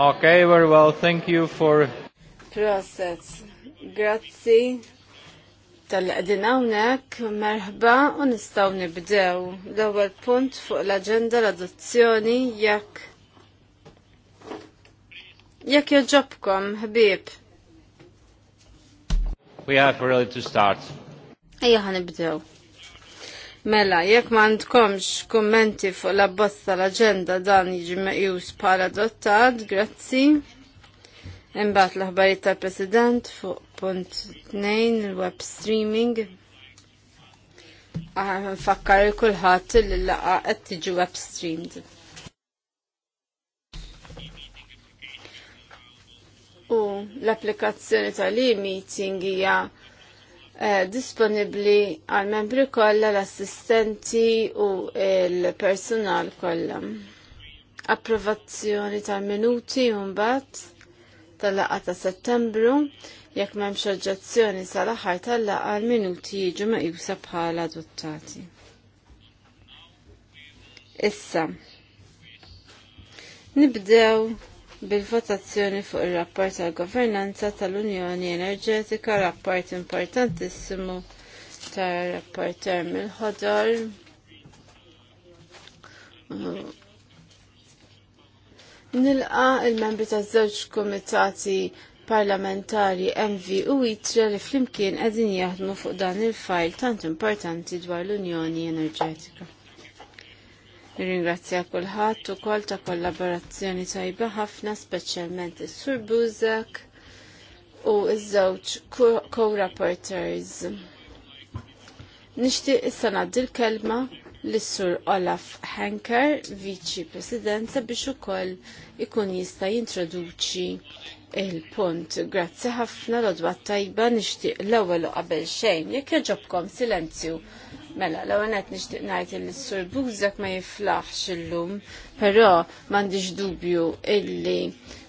Okay, very well. Thank you for... Process. Grazie. tal-qedin hawnhekk, merħba unistaw nibdew. L-ewwel punt fuq l agenda l-adozzjoni jekk jekk joġobkom ħbieb. We have really to start. Ejja nibdew. Mela, jekk m'għandkomx kummenti fuq l-abbozz tal-aġenda dan jiġi meqjus bħala adottat, grazzi. Imbagħad l-aħbarijiet tal-President fuq punt 2 il-web streaming. Aħna ah, nfakkar il kulħadd li laqa qed tiġi web streamed. U l-applikazzjoni tal-e-meeting hija Eh, disponibli għal membri kollha l-assistenti u l-personal kollha. Approvazzjoni tal-minuti mbagħad tal-laqgħa ta' Settembru jekk m'hemmx oġġezzjoni sal-aħħar tal-laqgħa l-minuti jiġu meqjusa bħala adottati. Issa. Nibdew bil-votazzjoni fuq ir-rapport tal-governanza tal-Unjoni Enerġetika, rapport importantissimu tar-rapporter mill-ħodor. Nilqa il-membri taż-żewġ kumitati parlamentari MV u Itra e li flimkien qegħdin jaħdmu fuq dan il-fajl tant importanti dwar l-Unjoni Enerġetika. Ringrazzja kulħadd ukoll ta' kollaborazzjoni tajba ħafna speċjalment is-Sur Buzak u iż-żewġ co-rapporters. Nixtieq issa ngħaddi l-kelma lis-Sur Olaf Henker, Viċi Presidenza, biex ukoll ikun jista' jintroduċi il-punt. Grazzi ħafna l-odwa tajba nixtieq l-ewwel qabel xejn jekk jaġobkom silenzju Mela, l għanet nishtiq najt il-sur Buzak ma jiflaħx illum, pero mandiġ dubju illi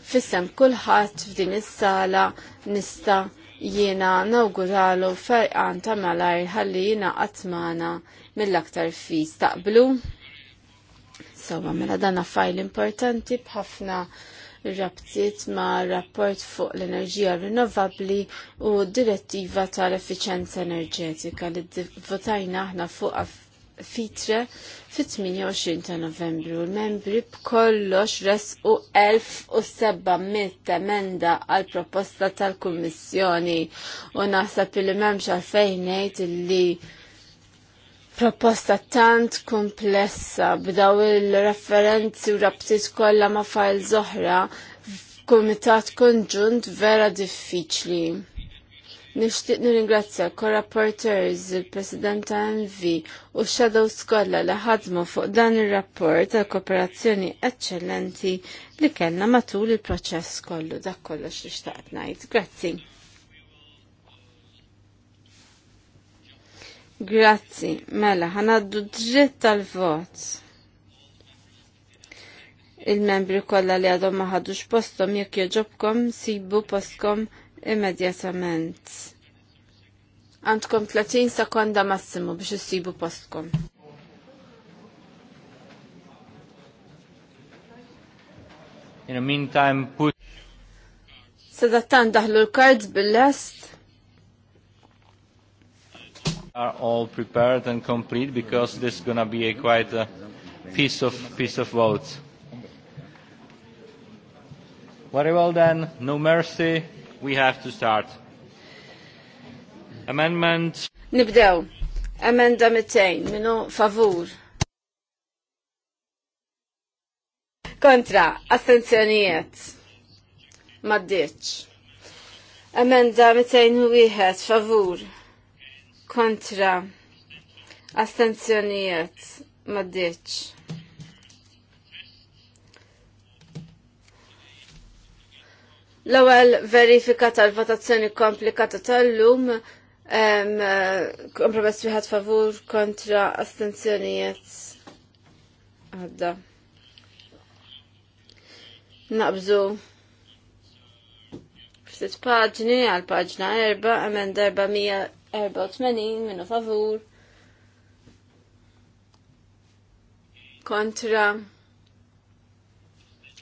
fissem kullħat f'din is-sala nista jiena nawguralu ferqan ta' malaj ħalli jiena għatmana mill-aktar fis taqblu. Sawa, mela dan affajl importanti bħafna rabtiet ma' rapport fuq l-enerġija rinnovabli u direttiva tal-efficienza enerġetika li votajna aħna fuq fitre fit-28 ta' novembru. L-membri b'kollox resqu 1700 emenda għal proposta tal-Kummissjoni u naħseb il memx għalfejn ngħid li proposta tant komplessa b'daw il-referenzi u rabtiet kollha ma' fajl zoħra f'kumitat konġunt vera diffiċli. Nixtieq nirringrazzja ko-rapporteurs, il president MV u Shadow Skolla li ħadmu fuq dan ir-rapport tal kooperazzjoni eċċellenti li kellna matul il-proċess kollu dak kollox li xtaqt ngħid. Grazzi. Grazzi, mela, ħanaddu dritt tal-vot. Il-membri kollha li għadhom ma ħadux postom jekk joġobkom sibu postkom immedjatament. Għandkom 30 sekonda massimu biex issibu postkom. In the meantime, put... Sadattan daħlu l-kards bil-lest are all prepared and complete because this is going to be a quite a piece of, piece of votes. Very well then, no mercy, we have to start. Amendment. Nibdew. Amenda 200, minu favur. Kontra, astenzjonijiet. Maddiċ. Amenda wieħed. favur kontra astenzjonijiet maddiċ. L-ewwel verifika tal-votazzjoni komplikata tal-lum kompromess wieħed favur kontra astenzjonijiet għadda. Nabżu ftit paġni għal paġna erba' emenda erba' 84 minnu favur kontra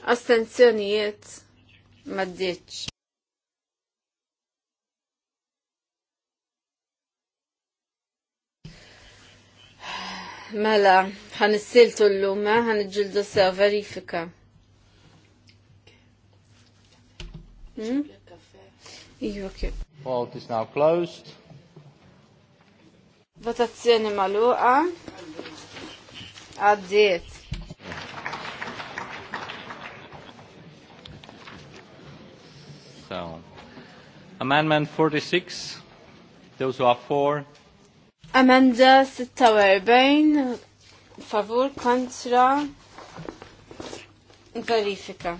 astenzjonijiet maddiċ. Mela, ħan s-siltu l-lumma, eh? ħan ġildu sew verifika. Hmm? Iva, Vault is now closed. Votazzjoni maluqa. Għaddiet. So, amendment 46, those who are for. Amenda 46, favur kontra verifika.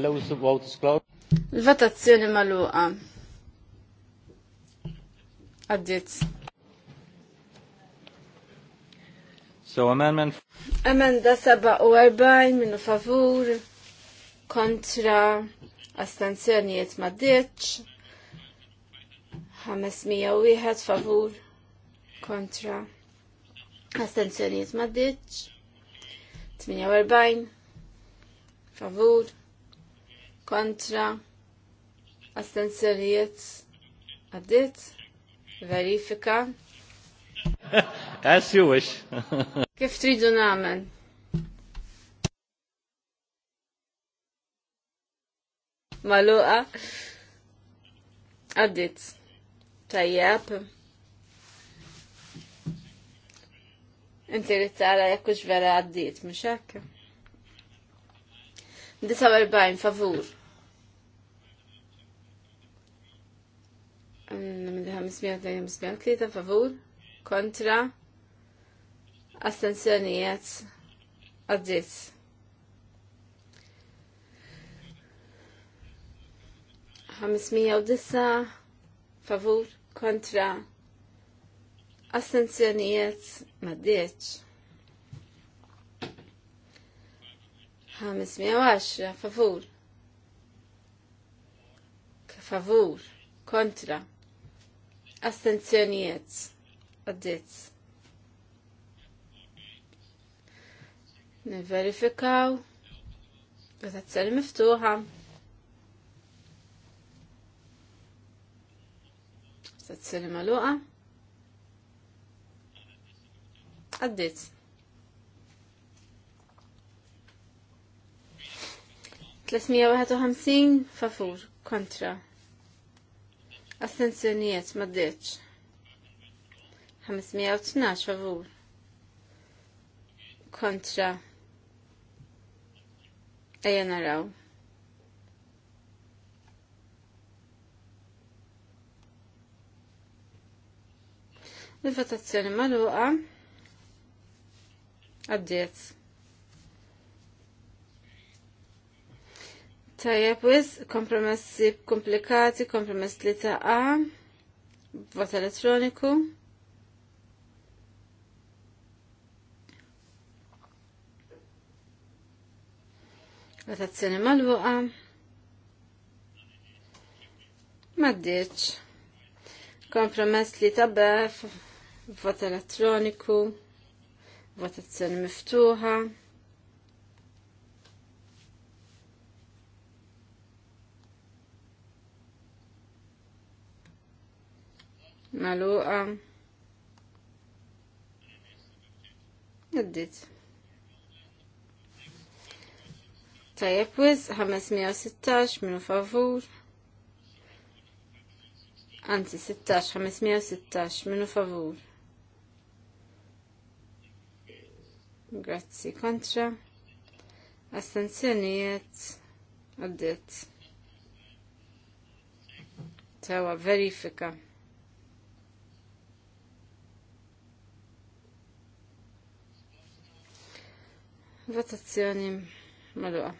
close, the vote is closed. Il-votazzjoni maluqa. Għaddit. So amendment. Amenda 47 minu favur kontra astanzjonijiet ma ditx. 501 favur kontra astanzjonijiet ma ditx. 48 favur kontra astenzjonijiet għaddit verifika As you wish. Kif tridu namen? Maluqa. Għaddit. Tajjab. Inti li tara jekkux vera għaddit, mux hekk. 49 favur. Mill 523 favur kontra astensjonijiet għaddit. Ħamismija favur kontra astensjonijiet maddieċ. 510 favur favur kontra astenzjonijiet għaddit Niverifikaw votazzjoni miftuħa votazzjoni maluqa għaddit 351 favur kontra. Astenzjonijiet ma ddeċ. 512 favur kontra. Ejja naraw. Il-votazzjoni maluqa għaddiet. Tajjeb wis, kompromessi komplikati, kompromess li ta' A, vot elettroniku. Votazzjoni mal wuqa Maddiċ. Kompromess li ta' B, vot elettroniku. Votazzjoni miftuħa. maluqa Għaddit. Tajab wiz, 516 minu favur. Anzi, 16, 516 minu favur. Grazzi kontra. Astenzjonijiet. Għaddit. Tawa verifika. Votazzjoni madwa.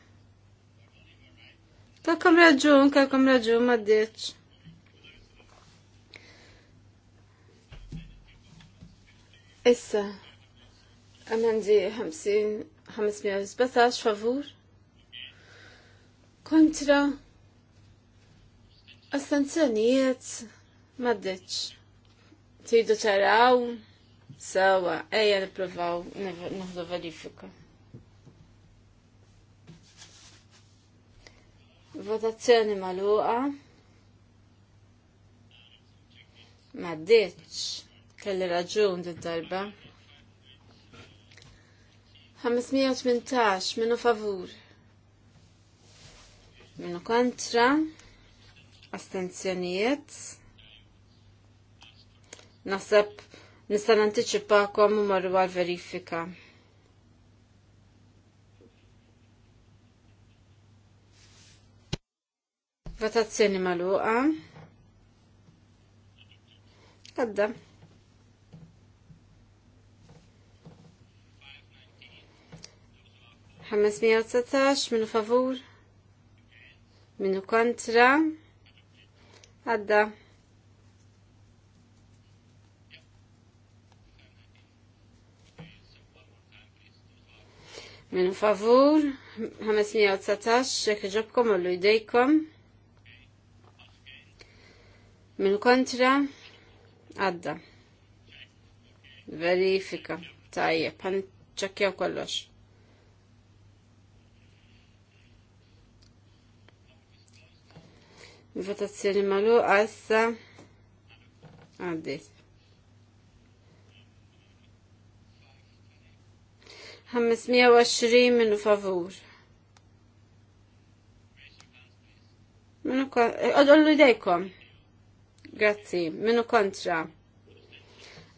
Kalkom raġun, kalkom raġun, maddiċ. Issa, għamendi 517 favur kontra astanzjonijiet maddeċ. Tidu taraw, sawa, eja niprofaw, nħdu verifika. Votazzjoni maluqa. Ma ddiċ. Kelli raġun di darba 518 minu favur. Minu kontra. Astenzjonijiet. Nasab nista' nanticipakom u marru għal verifika. Votazzjoni maluqa. Għadda. Ħammes minu favur. Minu kontra. Għadda. Minu favur, Hamas jek ġobkom u l-idejkom. Min kontra għadda. Verifika. Tajjeb, pan ċakjaw kollox. Votazzjoni malu għassa għaddit. Ħammismija 520 minu favur. Minu kwa, eh, għadollu dejkom. Grazzi. Minu kontra.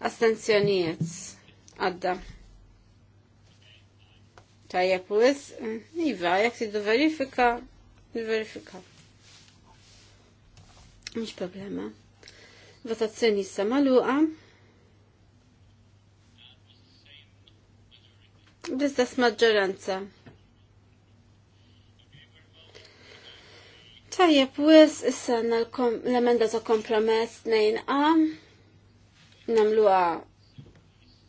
Astenzjonijiet. Għadda. Tajjeb u jess. Iva, jek tiddu verifika, verifika. Mux problema. Votazzjoni issa maluqa. Bizdess maġġoranza. Tajjeb, wis issa l-emenda ta' kompromess nejn A, namluha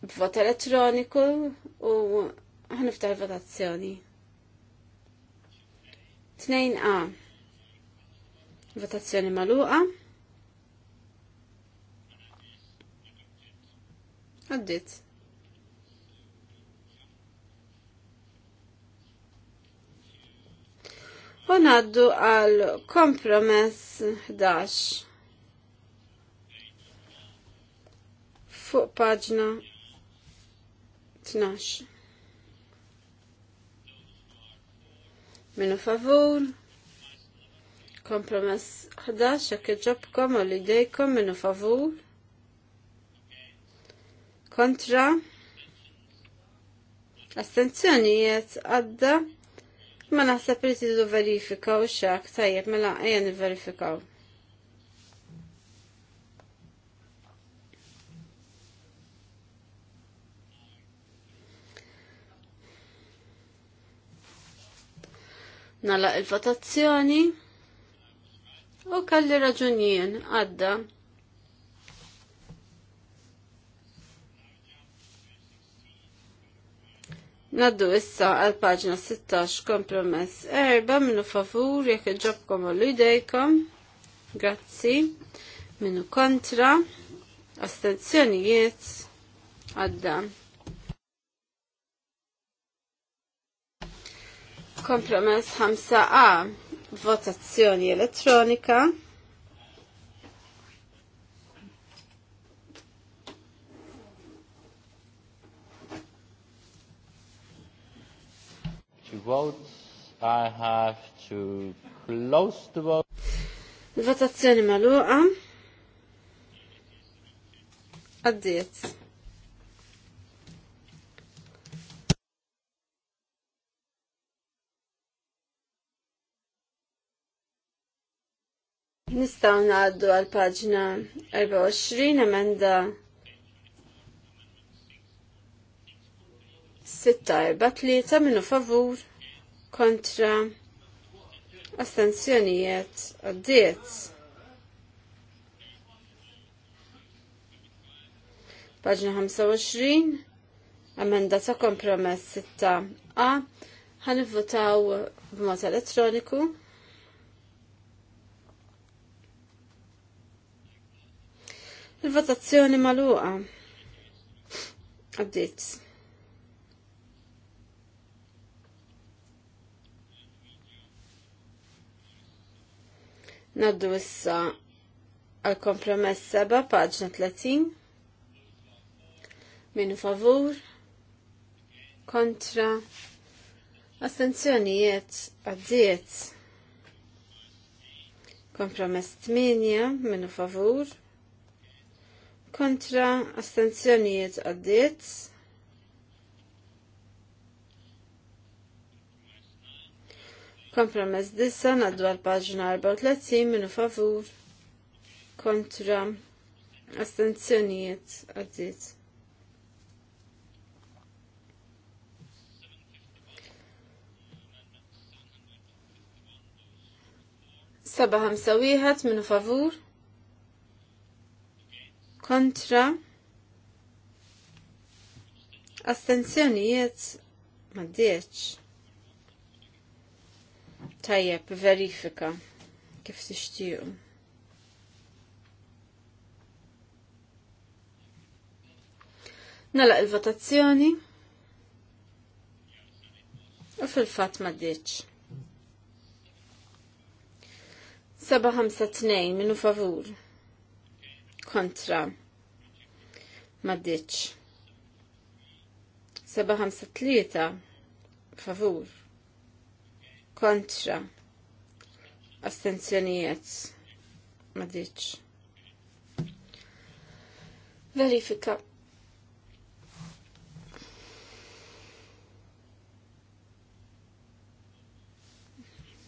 b'vot elettroniku u ħaniftaħ votazzjoni. Tnejn A. Votazzjoni maluqa. Għaddit. u naddu għal kompromess 11 fuq paġna 12 minu favur kompromess 11 jekk ġobkom u li dejkom minu favur kontra astenzjonijiet għadda Ma naħseb li tidu verifikaw xak, tajjeb, mela għajan verifikaw. Nalaq il-votazzjoni u kalli raġunijien għadda Naddu issa għal paġna 16 kompromess erba minnu favur jekk iġobkom u idejkom. Grazzi. Minnu kontra. Astenzjonijiet. Għadda. Kompromess 5A. Votazzjoni elettronika. vote. I have to close the vote. Votazzjoni maluqa. Għaddiet. Nistaw naħaddu għal paġna 24 emenda 6 4 3 minu favur kontra astensjonijiet għaddiet. Paġna 25, amenda ta' kompromess 6a, għan votaw b'mod elettroniku. Il-votazzjoni maluqa. Għaddiet. Naddu issa għal kompromess seba paġna 30. Minu favur, kontra, astenzjonijiet, għaddiet. Kompromess 8, minu favur, kontra, astenzjonijiet, għaddiet. Kompromess dissa naddu għal paġna 34 minu favur kontra astenzjonijiet għaddit. Saba ħamsa wieħed minu favur kontra astenzjonijiet ma' 10. Tajjeb, verifika kif tixtiequ. Nalaq il-votazzjoni u fil-fat ma ddiċ. 752 minu favur kontra ma ddiċ. 753 favur kontra astenzjonijiet ma diċ verifika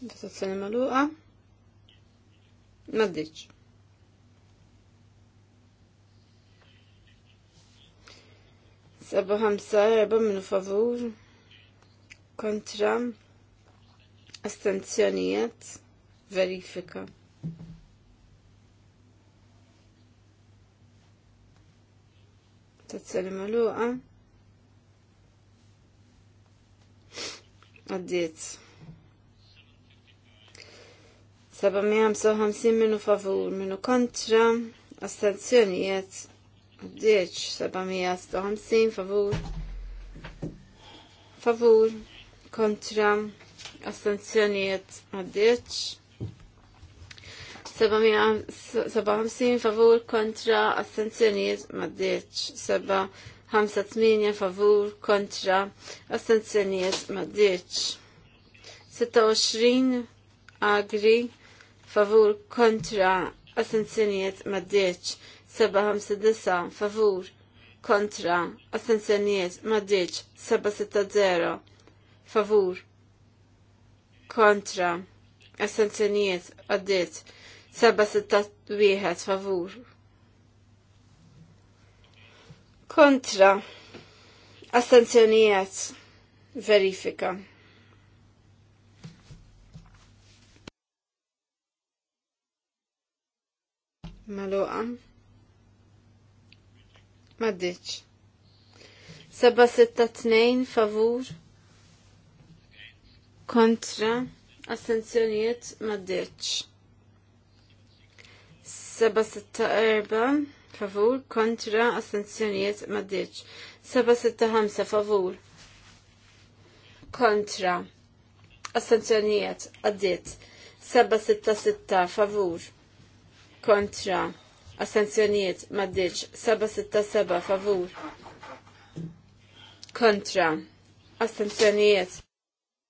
votazzjoni maluqa ma diċ 7-5-4 minu favur kontra astenzjonijiet verifika. Tazzjoni maluqa. Għaddiet. 755 minu favur minu kontra astenzjonijiet għaddiet 750 favur favur kontra astanzjoniet għaddeċ. 57 favur kontra astanzjoniet għaddeċ. 58 favur kontra astanzjoniet għaddeċ. 26 agri favur kontra astanzjoniet għaddeċ. 759 favur kontra astanzjoniet għaddeċ. 760 favur kontra kontra assenzjonijiet għaddit seba' 6 wieħed favur kontra assenzjonijiet verifika maluqa maddiċ 7 6 tnejn favur kontra astenzjonijiet maddeċ. erba, favur kontra astenzjonijiet maddeċ. ħamsa favur kontra Seba setta setta favur kontra astenzjonijiet maddeċ. seba' favur kontra astenzjonijiet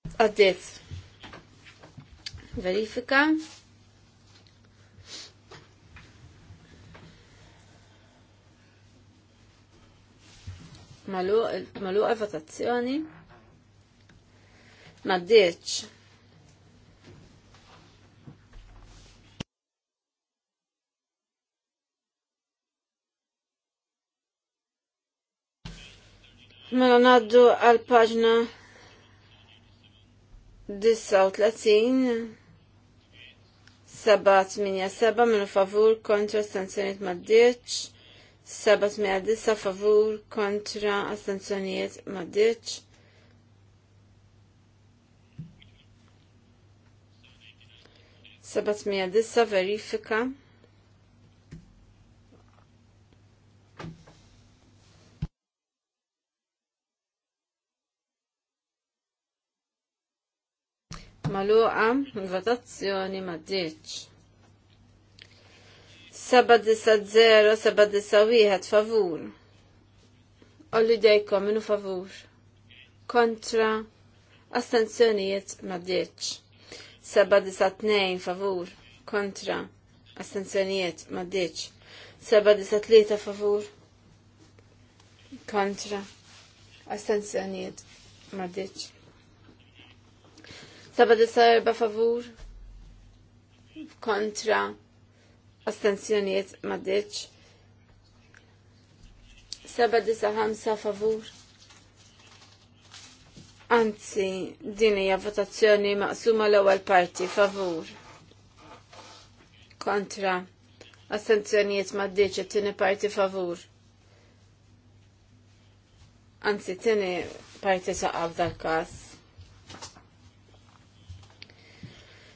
Għaddit. Verifika. Maluqa votazzjoni. Ma Mela naddu għal 39 787 minu favur kontra astenzjoniet maddiċ 709 favur kontra astenzjoniet maddiċ 709 verifika maluqa, votazzjoni ma ddiċ. 7 791 favur. Olli dejkom minu favur. Kontra, astenzjonijiet ma 7-2 favur. Kontra, astenzjonijiet ma 7-3 favur. Kontra, astenzjonijiet ma ddiċ. Saba erba' favur kontra astensjoniet maddeċ. Seba ħamsa favur. Anzi, din hija votazzjoni maqsuma l-ewwel parti favur. Kontra. Astenzjonijiet maddiċ it-tieni parti favur. Anzi, tieni parti sa' dal kas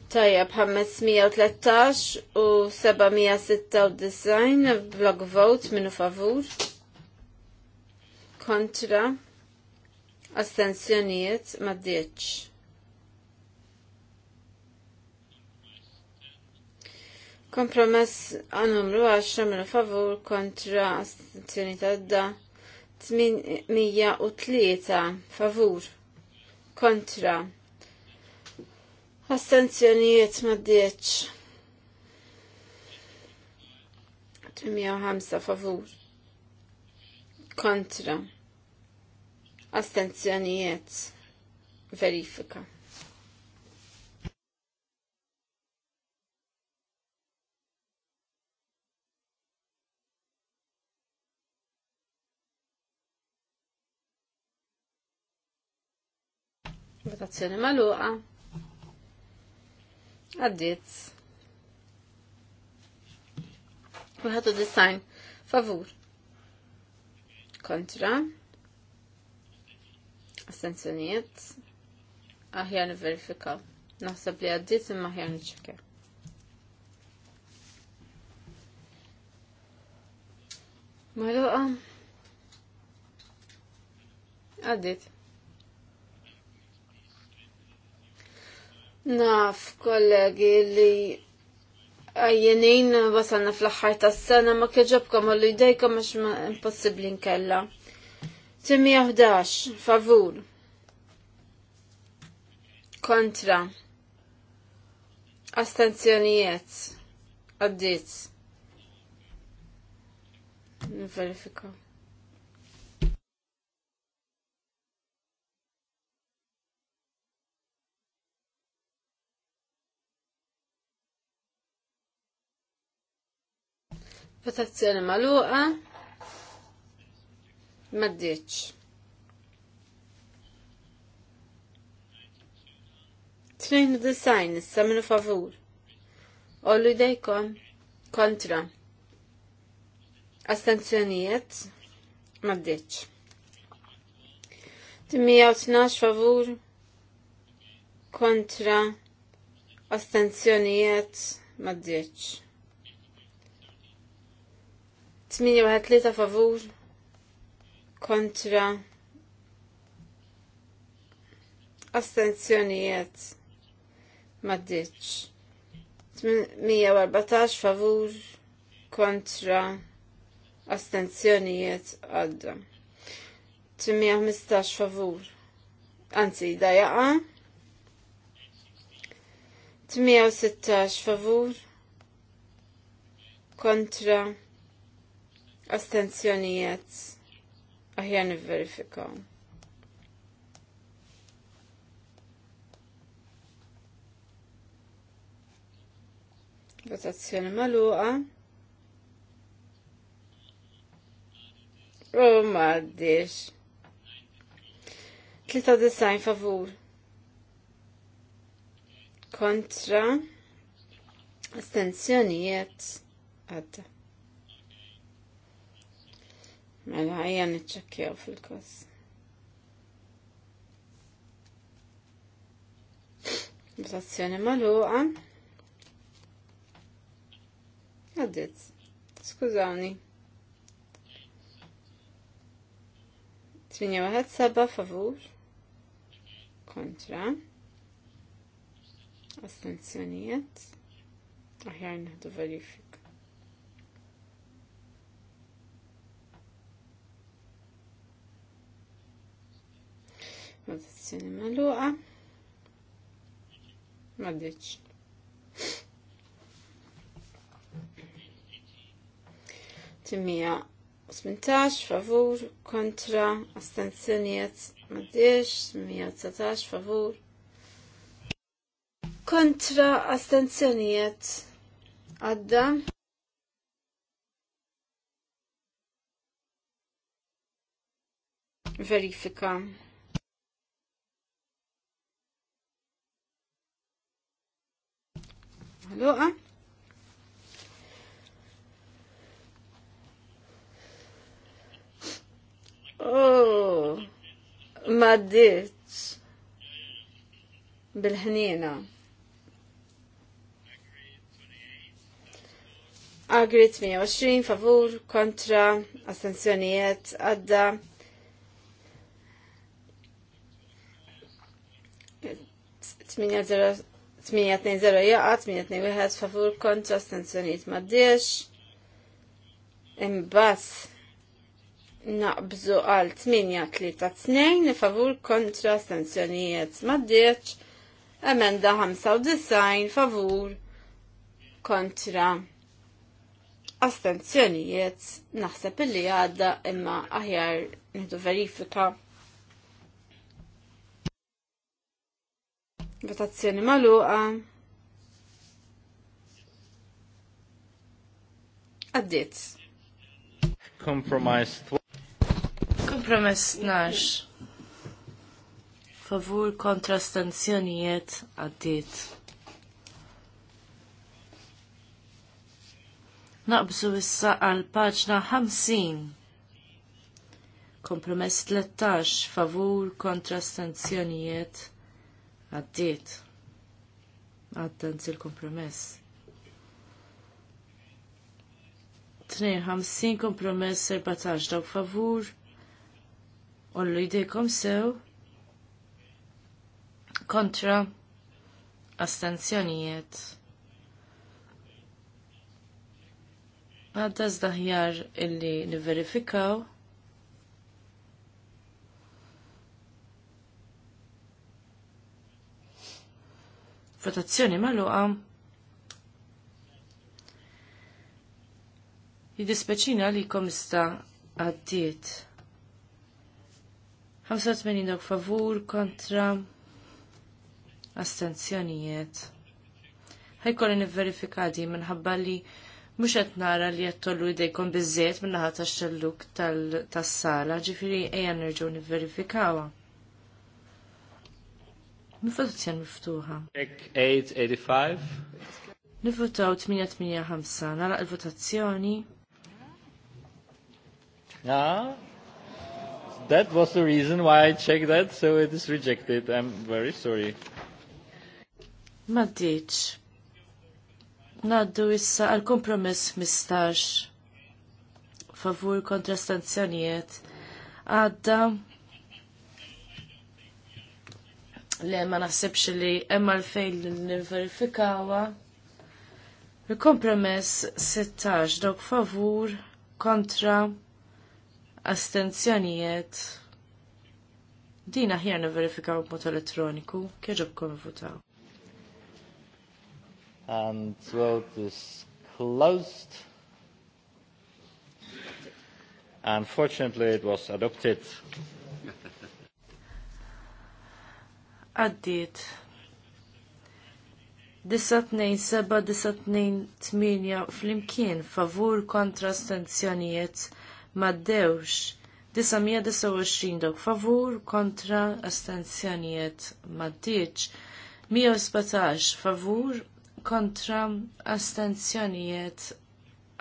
Tajab, 513 u 796 blog vote minu favur. Kontra. Astenzjonijiet ma dieċ. Kompromess għanumru 10 minu favur kontra astenzjonijiet għadda 803 favur kontra Astenzjonijiet ma d-dieċ. 805 favur. Kontra. Astenzjonijiet. Verifika. Votazione maluqa. Għaddit. Wieħed design. Favur. Kontra. Astenzjonijiet. Aħjar verifika. Naħseb li għaddit imma aħjar niċċekja. Maluqa. Għaddit. Naf, kollegi, li għajjenin wasalna fl-axħar tas sena ma kieġobkom u l-idejkom għax ma impossibli nkella. Timmi 11, favur. Kontra. Astenzjonijiet. Għaddit. Verifikaw. patazzjoni maluqa. Maddiċ. design issa minu favur. Ollu dejkom Kontra. Astenzjonijiet. Maddiċ. 112 favur. Kontra. Astenzjonijiet. Maddiċ. 813 favur kontra astenzjonijiet maddiċ 814 favur kontra astenzjonijiet għadda 815 favur anzi da jaqa 816 favur kontra Astenzjonijiet. Aħjar nivverifikaw. Votazzjoni maluqa. U maddix. design favur. Kontra. Astenzjonijiet. Għadda. Mela ħajja niċċekkjaw fil kos Votazzjoni magħluqa. Għaddit. Skużawni. waħed 7 favur. Kontra. Astenzjonijiet. Aħjar naħdu verifika. votazzjoni maluqa. Maddiċ. Timija 18 favur kontra astenzjoniet ma astenzjonijiet Timija 119 favur kontra astenzjoniet għadda. Verifika. maluqa. Oh, ma ditx bil-ħnina. Agrit 120 favur kontra astensjonijiet għadda 8-2-0 jaqat, 8-2-1 favur kontra stanzjoniet maddiex. Imbass naqbżu għal 8-3-2 favur kontra stanzjoniet maddiex. Emenda 95 favur kontra astenzjonijiet naħseb li għadda imma aħjar nidu verifika. Votazzjoni maluqa. Għaddit. Compromise. Compromise nax. Favur kontra stanzjonijiet għaddit. Naqbżu issa għal paġna 50. Kompromess 13. Favur kontra stanzjonijiet Għaddiet. Għaddanz il-kompromess. 52 kompromess 14 dawk favur. Ollu jdejkom sew. Kontra. Astenzjonijiet. Għadda zdaħjar illi niverifikaw. verifikaw Votazzjoni maluqa. Jidispeċina li komista għaddiet. 85 dok favur kontra astenzjonijiet. Ħajkolli nivverifikati minħabba li mux qed nara li qed tollu jdejkom biżżejjed minn-naħa tax-xelluk tas-sala, ġifieri ejja nerġgħu nivverifikawha. Votazzjoni miftuħa. Check 885. Nivvotaw 885, nara il-votazzjoni. Ah, that was the reason why I checked that, so it is rejected. I'm very sorry. Maddiċ. Naddu issa għal kompromess mistax. favur kontra stanzjonijiet għadda li ma naħsibx li hemm fejl li n-verifikawa. Il-kompromess 16 dok favur kontra astenzjonijiet. Din aħjar niverifikaw b'mod elettroniku kom votaw. And vote is closed. Unfortunately, it was adopted. għaddiet. 927-928 fl-imkien favur kontra astenzjonijiet maddewx. 929 dok favur kontra astenzjonijiet Mija 117 favur kontra astenzjonijiet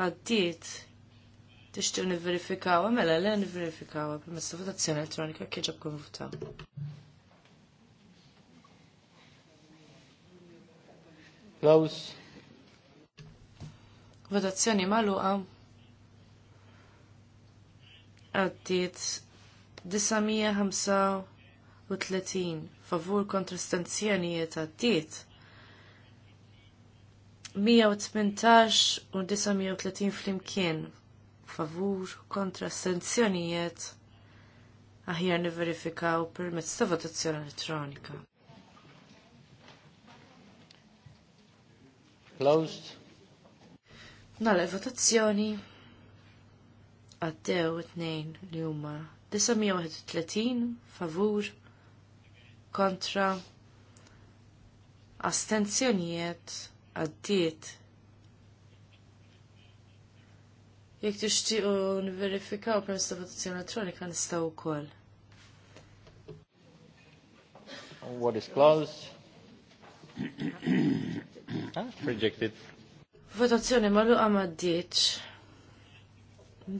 għaddiet. Tixtiju niverifikawa, mela le niverifikawa, permessa votazzjoni elettronika kieġab kun Close. Votazzjoni maluqa. Għaddit 935 favur kontra stanzjonijiet għaddiet. 118 u 930 flimkien favur kontra stanzjonijiet aħjar niverifikaw permezz ta' votazzjoni elettronika. Closed. Nala votazzjoni għaddew it-nejn li huma 931 favur kontra astenzjonijiet għaddiet. Jek tixtiqu nverifikaw permess ta' votazzjoni elettronika nistgħu wkoll. What is closed? Rejected. Votazzjoni marruqa maddiċ.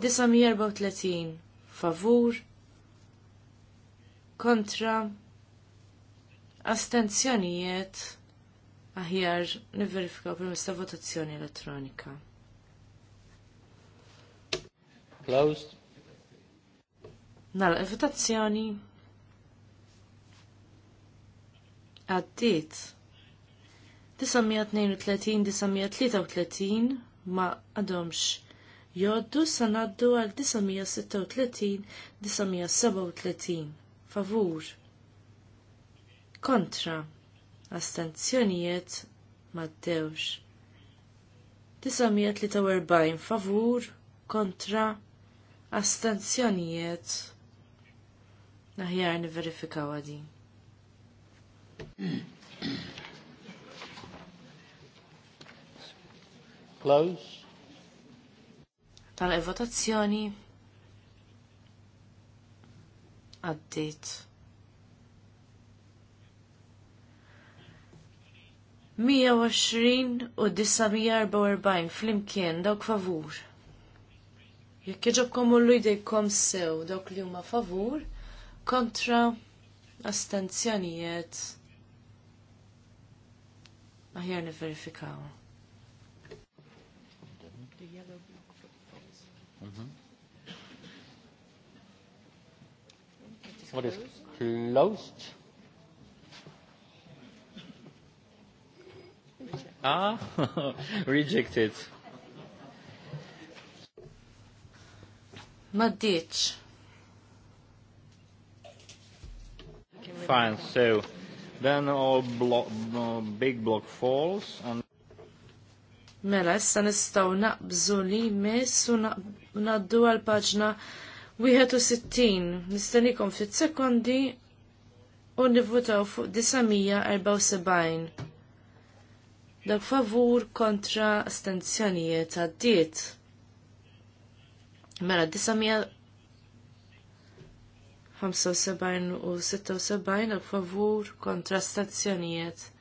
934 favur kontra astenzjonijiet aħjar niverifikaw permess votazzjoni elettronika. Closed. Nal votazzjoni għaddit 932-933 ma għadhomx joddu sanaddu għal 936-937 favur kontra astenzjonijiet dewx. 943 favur kontra astenzjonijiet naħjar niverifikaw għadin. Close. Tal-votazzjoni għaddit. Mija u disa flimkien dawk favur. Jekk iġobkom u l-lujdejkom sew dawk li huma favur kontra astenzjonijiet aħjar niverifikaw. verifikaw What is closed? Ah, rejected. Madich. Fine, so then all block, big block falls and Mela, issa nistaw naqbżu li mis u naddu għal-paġna 61 nistanikom fit-sekondi u nivvutaw fuq 974. Dak favur kontra astenzjonijiet għaddiet. Mela 975 u 76 dak favur kontra astenzjonijiet.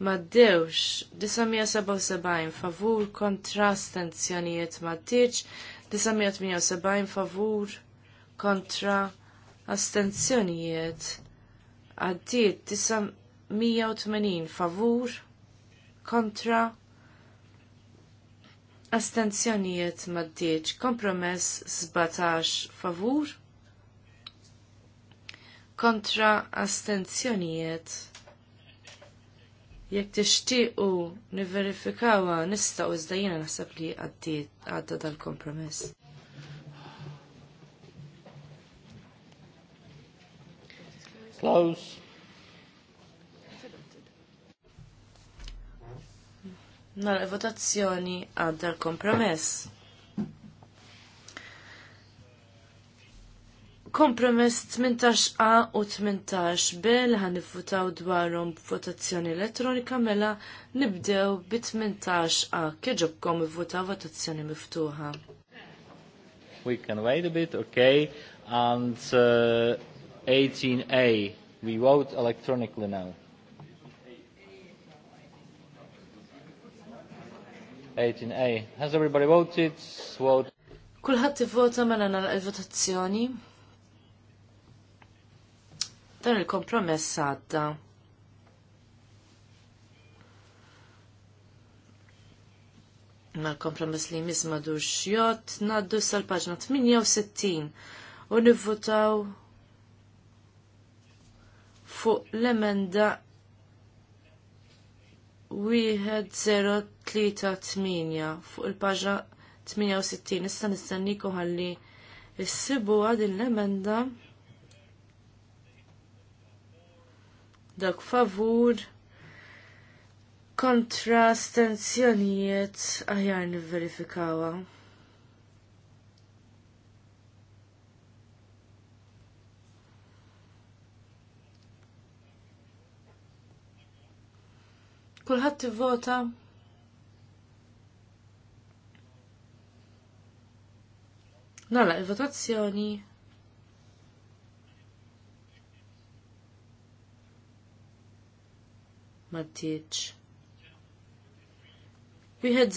Maddewx 977 favur kontra astenzjonijiet maddiċ 978 favur kontra astenzjonijiet għaddiet 980 favur kontra astenzjonijiet maddieċ kompromess 17 favur kontra astenzjonijiet Jekk tixtiequ niverifikawa nistgħu iżda jiena naħseb li għaddiet għadda dal-kompromess. Close. Nara votazzjoni għadda l-kompromess. Kompromess 18a u 18 li ħan nifutaw dwarhom votazzjoni elettronika mela nibdew bi 18a kieġobkom votaw votazzjoni miftuħa. We can wait a bit, okay, and uh, 18a, we vote electronically now. 18a. Has everybody voted? Vote. Kulħadd ivvota mela nara l-votazzjoni. Dan il-kompromess għadda. Ma l-kompromess li jmiss madur xjot naddu sal-paġna 68 u nivvutaw fuq l-emenda 1038 fuq il-paġna 68 issa nistenniku ħalli s-sibu għad l-emenda dak favur kontra stenzjonijiet aħjar nivverifikawa. Kulħadd tivvota Nala, il-votazzjoni Mattiċ. Wieħed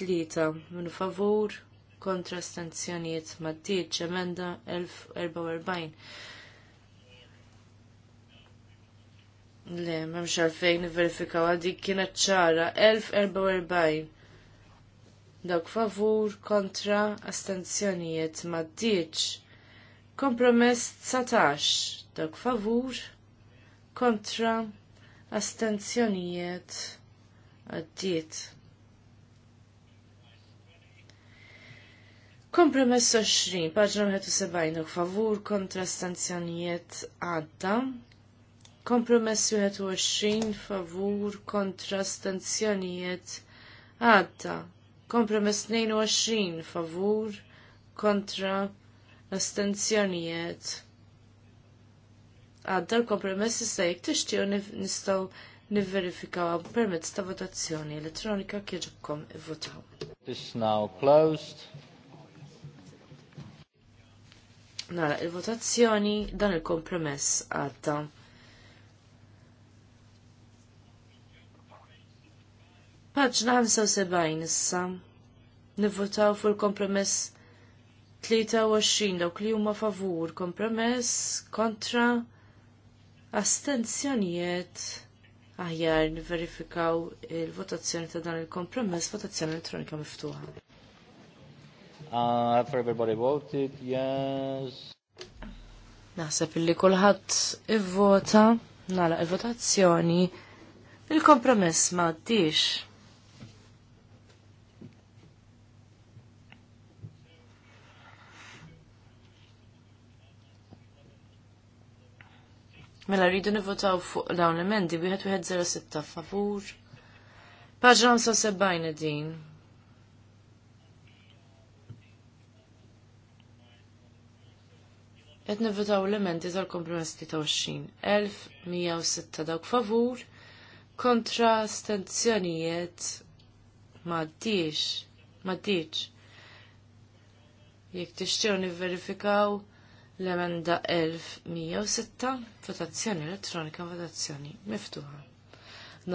tlieta minn favur kontra stanzjoniet Mattiċ emenda 1044. Le, memx għalfejn verifikaw għaddi kienet ċara 1044. Dawk favur kontra astenzjonijiet Mattiċ. Kompromess 19. Dawk favur kontra astenzjonijiet għaddiet. Kompromess 20, paġna 71, favur kontra stanzjonijiet għadda. Kompromess 21, favur kontra stanzjonijiet għadda. Kompromess 22, favur kontra stanzjonijiet għadda l-kompromess issa jek tixtiju nistaw nivverifikaw permezz ta' votazzjoni elettronika kieġibkom votaw. This now closed. Nara, il-votazzjoni dan il-kompromess għadda. Paġna 75 issa. Nivvotaw fuq il-kompromess 23 dawk li huma favur kompromess kontra astenzjonijiet aħjar niverifikaw il-votazzjoni ta' dan il-kompromess, votazzjoni elettronika miftuħa. Uh, for everybody voted, yes. Naħseb illi kulħadd ivvota nagħlaq il-votazzjoni il-kompromess ma' Mela rridu nivotaw fuq dawn l-emendi, wieħed wieħed 06 favur. Paġna 75 din. Qed nivvotaw l-emendi tal-kompromess 23. 1106 dawk favur kontra stenzjonijiet m'għaddix m'għaddix. Jekk tixtiew nivverifikaw verifikaw L-emenda 1106, votazzjoni elettronika, votazzjoni miftuħa.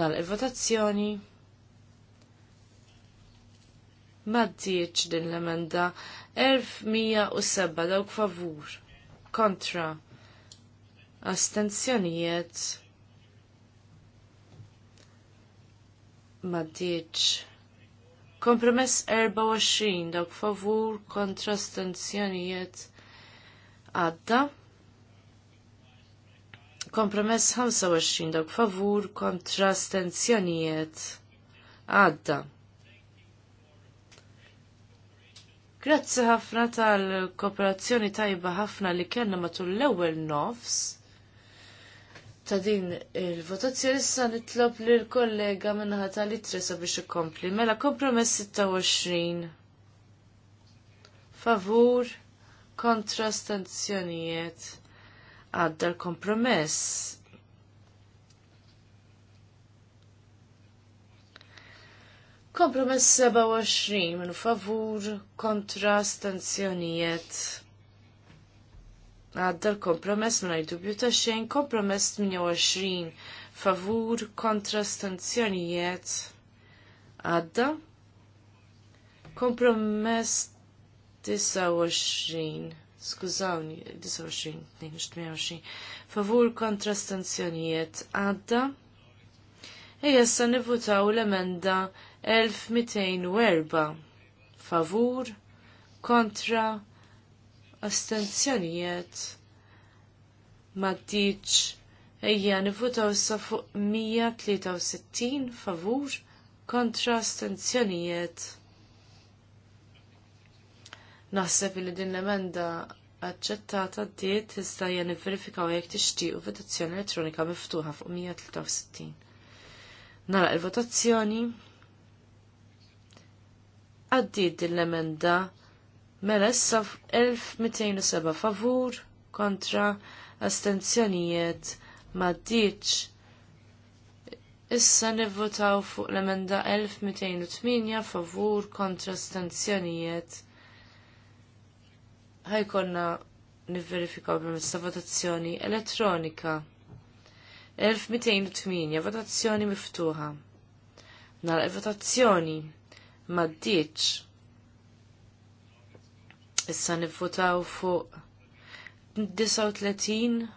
Nal il-votazzjoni maddiċ din l-emenda 1107 dawk favur kontra astenzjonijiet maddiċ. Kompromess 24 dawk favur kontra astenzjonijiet għadda. Kompromess 25 dawk favur kontra stenzjonijiet għadda. Grazzi ħafna tal-kooperazzjoni tajba ħafna li kellna matul l-ewwel nofs ta' din il-votazzjoni issa nitlob lill kollega minnaħa tal-itresa biex ikompli. Mela kompromess 26. Favur kontra stanzjonijiet għadda l-kompromess. Kompromess 27 minn favur kontra stanzjonijiet. Għadda l-kompromess minn dubju ta' xejn, kompromess 28 favur kontra stanzjonijiet. Għadda kompromess 29, skużawni, 29, 28, favur kontra stanzjonijiet għadda. Ejja sa nivutaw l-emenda 1204, favur kontra astenzjonijiet maddiċ. Ejja nivutaw sa fuq 163, favur kontra astenzjonijiet Naħseb li din l-emenda aċċettata d-diet iżda jen verifikaw jekk tixtiequ votazzjoni elettronika miftuħa fuq 163. Nara il-votazzjoni għaddiet din l-emenda mela issa 1207 favur kontra astenzjonijiet ma ddiċ Issa nivvotaw fuq l-emenda 1208 favur kontra astenzjonijiet ħajkonna nivverifikaw permezz ta' votazzjoni elettronika. 1208 votazzjoni miftuħa. Nara votazzjoni maddiċ. Issa nivvotaw fuq 39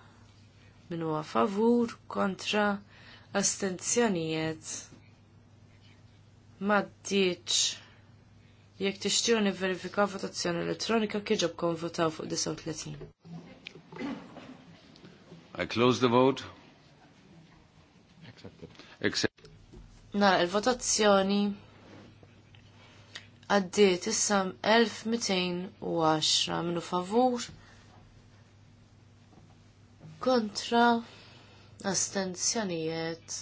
minu huwa favur kontra astenzjonijiet maddiċ. Jekk tixtiju nivverifikaw votazzjoni elettronika kieġob kon votaw fuq 39. I close the vote. Accepted. Nara il-votazzjoni għaddiet issa 1210 minu favur kontra astenzjonijiet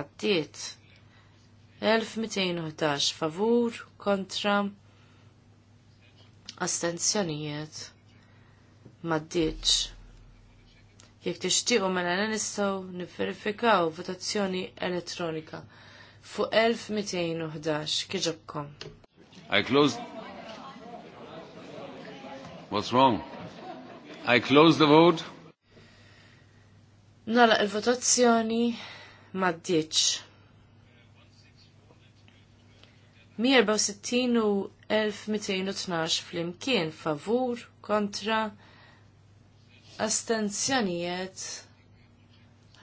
għaddiet. 1211 favur kontra astenzjonijiet maddiċ. Jek tixtiqu mela nistgħu nifverifikaw votazzjoni elettronika fuq 1211 kieġobkom. I closed. What's wrong? I close the vote. Nala il-votazzjoni maddiċ. 164 u 1212 flimkien favur kontra astenzjonijiet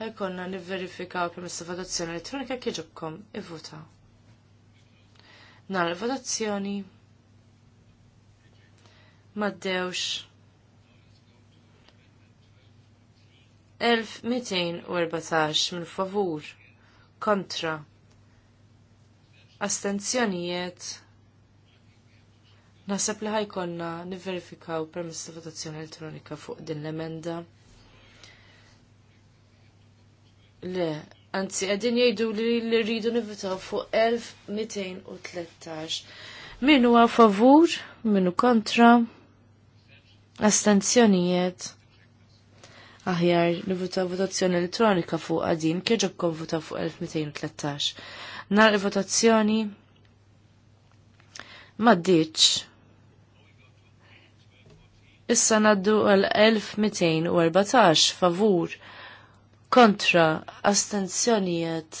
ħajkonna niverifikaw permessa votazzjoni elettronika kieġukkom i-vota. Nar votazzjoni maddewx 1214 minn favur kontra astenzjonijiet Nasab li ħajkonna niverifikaw permess ta' votazzjoni elettronika fuq din l-emenda. Le, anzi, għedin jgħidu li li rridu nivitaw fuq 1213. Minu huwa favur, minu kontra, astenzjonijiet. Aħjar nivotaw votazzjoni elettronika fuq għadin, kieġob kon votaw fuq 1213 nar il-votazzjoni ma ddiċ. Issa naddu għal 1214 favur kontra astenzjonijiet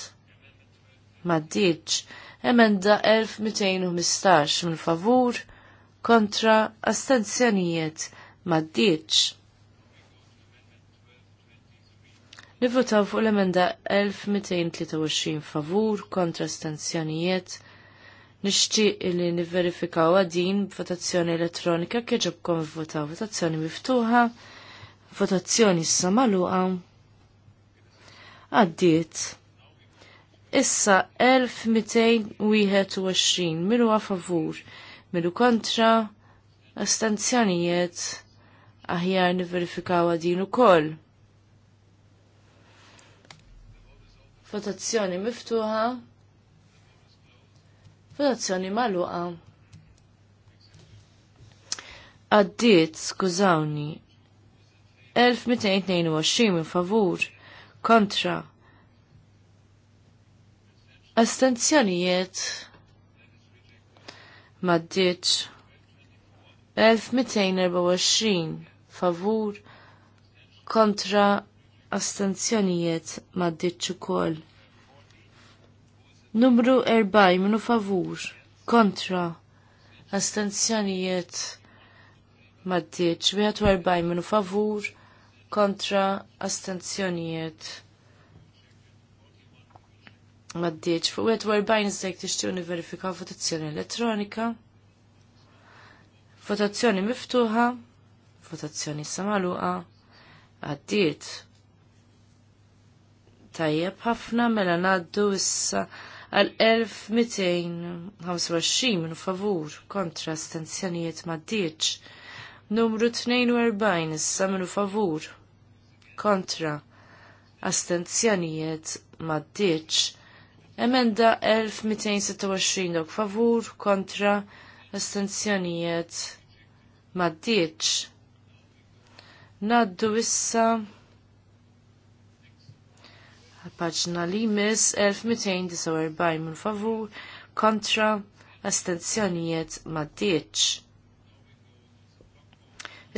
ma ddiċ. Emenda 1215 minn favur kontra astenzjonijiet ma ddiċ. Nivvotaw fuq l-emenda 1223 favur kontra stanzjonijiet. Nixtieq li nivverifikaw għadin votazzjoni elettronika kieġobkom votaw votazzjoni miftuħa, votazzjoni issa magħluqa. Għaddiet. Issa 1221 milu favur, milu kontra, astanzjonijiet aħjar niverifikaw għadin ukoll. koll Votazzjoni miftuħa. Votazzjoni maluqa. Għaddiet, skużawni. 1222 minn favur kontra astenzjonijiet maddiċ 1224 favur kontra astenzjonijiet maddiċ ukoll. Numru erbaj minu favur kontra astenzjonijiet bieħatu erbaj minu favur kontra astenzjonijiet maddiċ fuq 41 zdek tixtiju verifika votazzjoni elettronika votazzjoni miftuħa votazzjoni samaluqa għaddiet Tajjeb ħafna mela naddu issa għal 1225 minn favur kontra stenzjonijiet maddiċ. Numru 42 issa minn favur kontra astenzjonijiet maddiċ. Emenda 1226 dok favur kontra astenzjonijiet maddiċ. Naddu issa Paġna li mis 1249 mun favur kontra astenzjonijiet tieċ.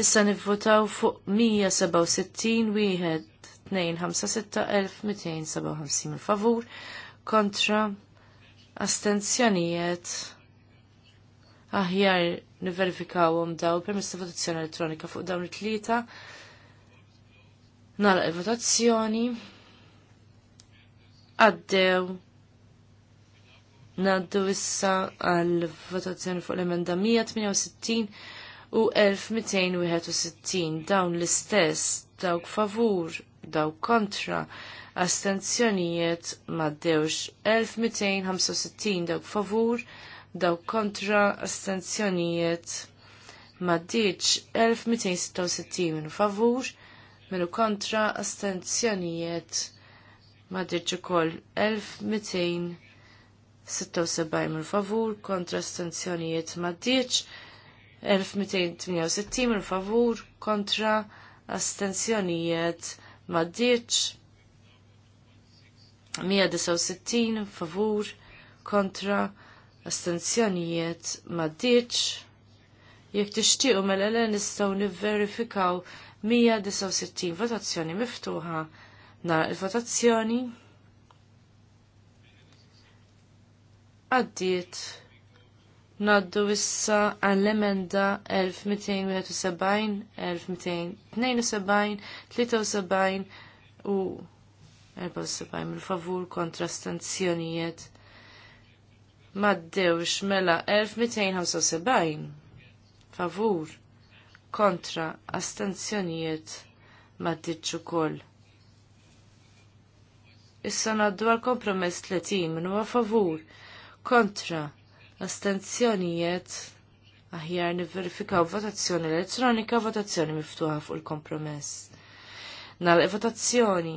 Issa nivvotaw fuq 167 wieħed 256,257 favur kontra astenzjonijiet aħjar niverifikaw daw permess ta' votazzjoni elettronika fuq dawn it-tlieta. il votazzjoni għaddew naddu issa għal votazzjoni fuq l-emenda 168 u 1261 dawn l-istess dawk favur, dawk kontra, astenzjonijiet maddewx 1265 dawk favur, dawk kontra, astenzjonijiet maddiċ 1266 minu favur, minu kontra, astenzjonijiet Ma Madrid ukoll 1276 mil favur kontra astenzjonijiet maddiċ 1268 mil favur kontra astenzjonijiet maddiċ 169 favur kontra astenzjonijiet maddiċ jekk tixtiequ mela le nistgħu nivverifikaw 169 votazzjoni miftuħa Nara il-votazzjoni. Għaddiet. Naddu issa għall-emenda 1271, 1272, 73 u 74 mil-favur kontra stanzjonijiet. Maddewx mela 1275 favur kontra astenzjonijiet maddiċu mela koll. Issa naddu għal kompromess 30 minn huwa favur kontra astenzjonijiet aħjar nivverifikaw votazzjoni elettronika votazzjoni miftuħa fuq il-kompromess. Nagħlaq votazzjoni.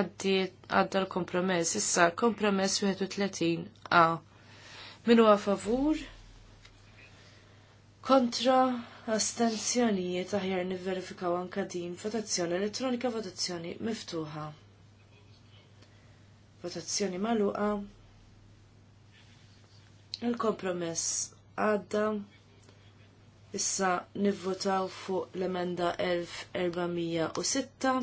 għaddi għadda l-kompromess, issa kompromess 31 a. Min huwa favur? Kontra astenzjonijiet aħjar nivverifikaw anka din votazzjoni elettronika votazzjoni miftuħa. Votazzjoni maluqa. Il-kompromess għadda. Issa nivvotaw fuq l-emenda 1406.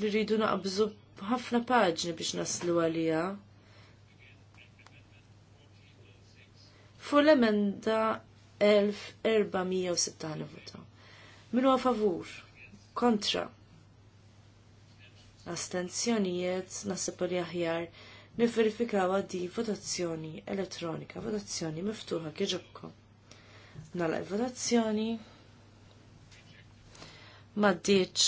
Li rridu naqbżu ħafna paġni biex naslu għalija. Fu l-emenda 1460 vota. Minu a favur, kontra. Astenzjonijiet nasib li aħjar niverifikaw di votazzjoni elettronika, votazzjoni miftuħa kieġobkom. Nalaq votazzjoni maddiċ.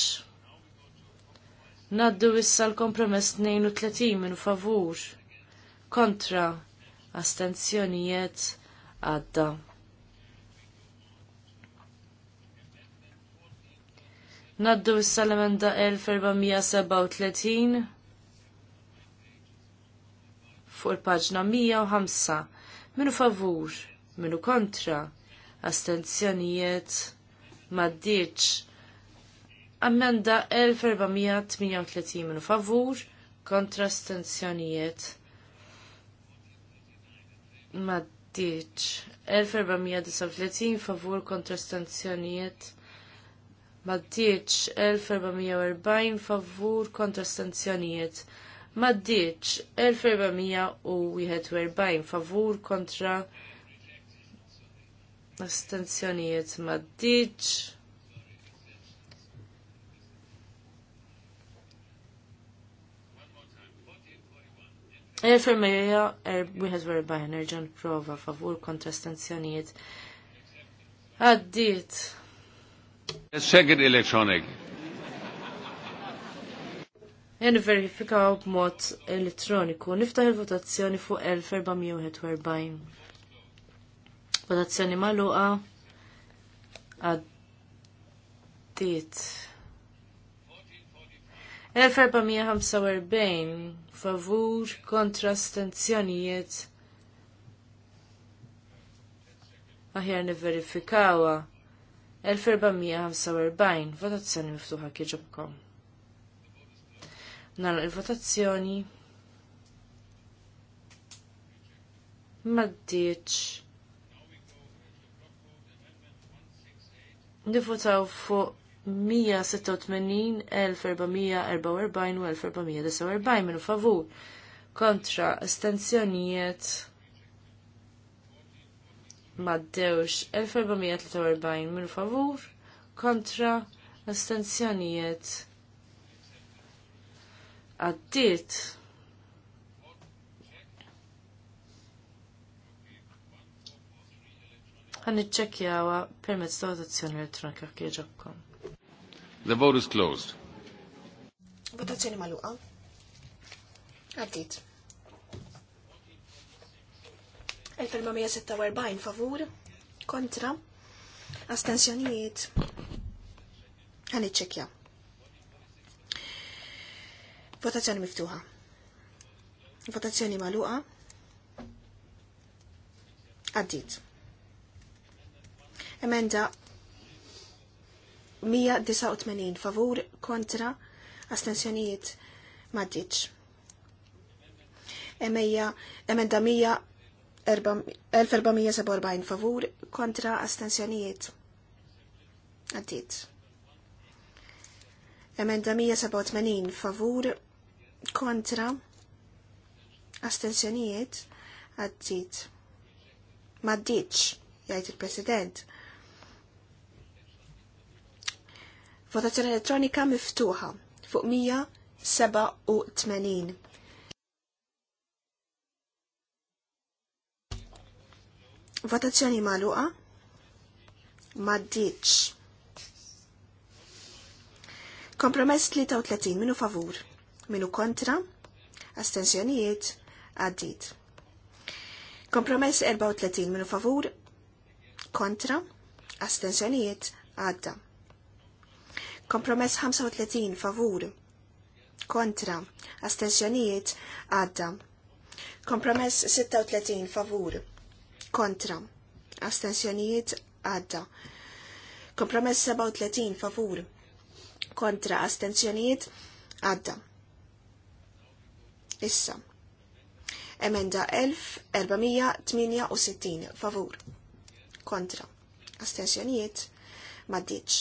Naddu issa l-kompromess 32 minu favur, kontra, astenzjonijiet, għadda. Naddu s-salamenda 1437 fuq il-paġna 105. Minu favur, minu kontra, astenzjonijiet, maddiċ. Ammenda 1438 minu favur, kontra astenzjonijiet, maddiċ ftit 1439 favur kontra stanzjonijiet maddiċ. 1440 favur kontra stanzjonijiet maddiċ. 1441 favur kontra stanzjonijiet maddiċ. Il-firmerja er, wieħed wara bajen irġan prova favur kontra stanzjonijiet. Għaddiet. Segir electronic. Jen b b'mod elektroniku. Niftaħ il-votazzjoni fuq 1440. Votazzjoni magħluqa għaddiet. 1445 favur kontra stenzjonijiet. Aħjar niverifikawa 1445 votazzjoni miftuħa kieġobkom. Nagħlaq il-votazzjoni maddiċ. Nifutaw fuq 186,444 u 1449 minu favur kontra estensjonijiet maddewx 1443 minu favur kontra estensjonijiet għaddit għan iċċekjawa permezz ta' votazzjoni elettronika kieġobkom. The vote is closed. Votazzjoni maluqa. Għaddit. 1446 favur, kontra, astensjonijiet, għan ċekja. Votazzjoni miftuħa. Votazzjoni maluqa. Għaddit. Emenda 189 favur kontra astensjonijiet maddiċ. Emeja, emenda 1447 favur kontra astensjonijiet għaddit. Emenda 187 favur kontra astensjonijiet għaddit. Maddiċ, jgħid il-President. Votazzjoni elettronika miftuħa fuq 187. Votazzjoni maluqa maddiċ. Kompromess 33 minu favur, minu kontra, astensjonijiet, addit. Kompromess 34 minu favur, kontra, astensjonijiet, għadda. Kompromess 35 favur kontra astensjonijiet għadda. Kompromess 36 favur kontra astensjonijiet għadda. Kompromess 37 favur kontra astensjonijiet għadda. Issa. Emenda 1468 favur kontra astensjonijiet maddiċ.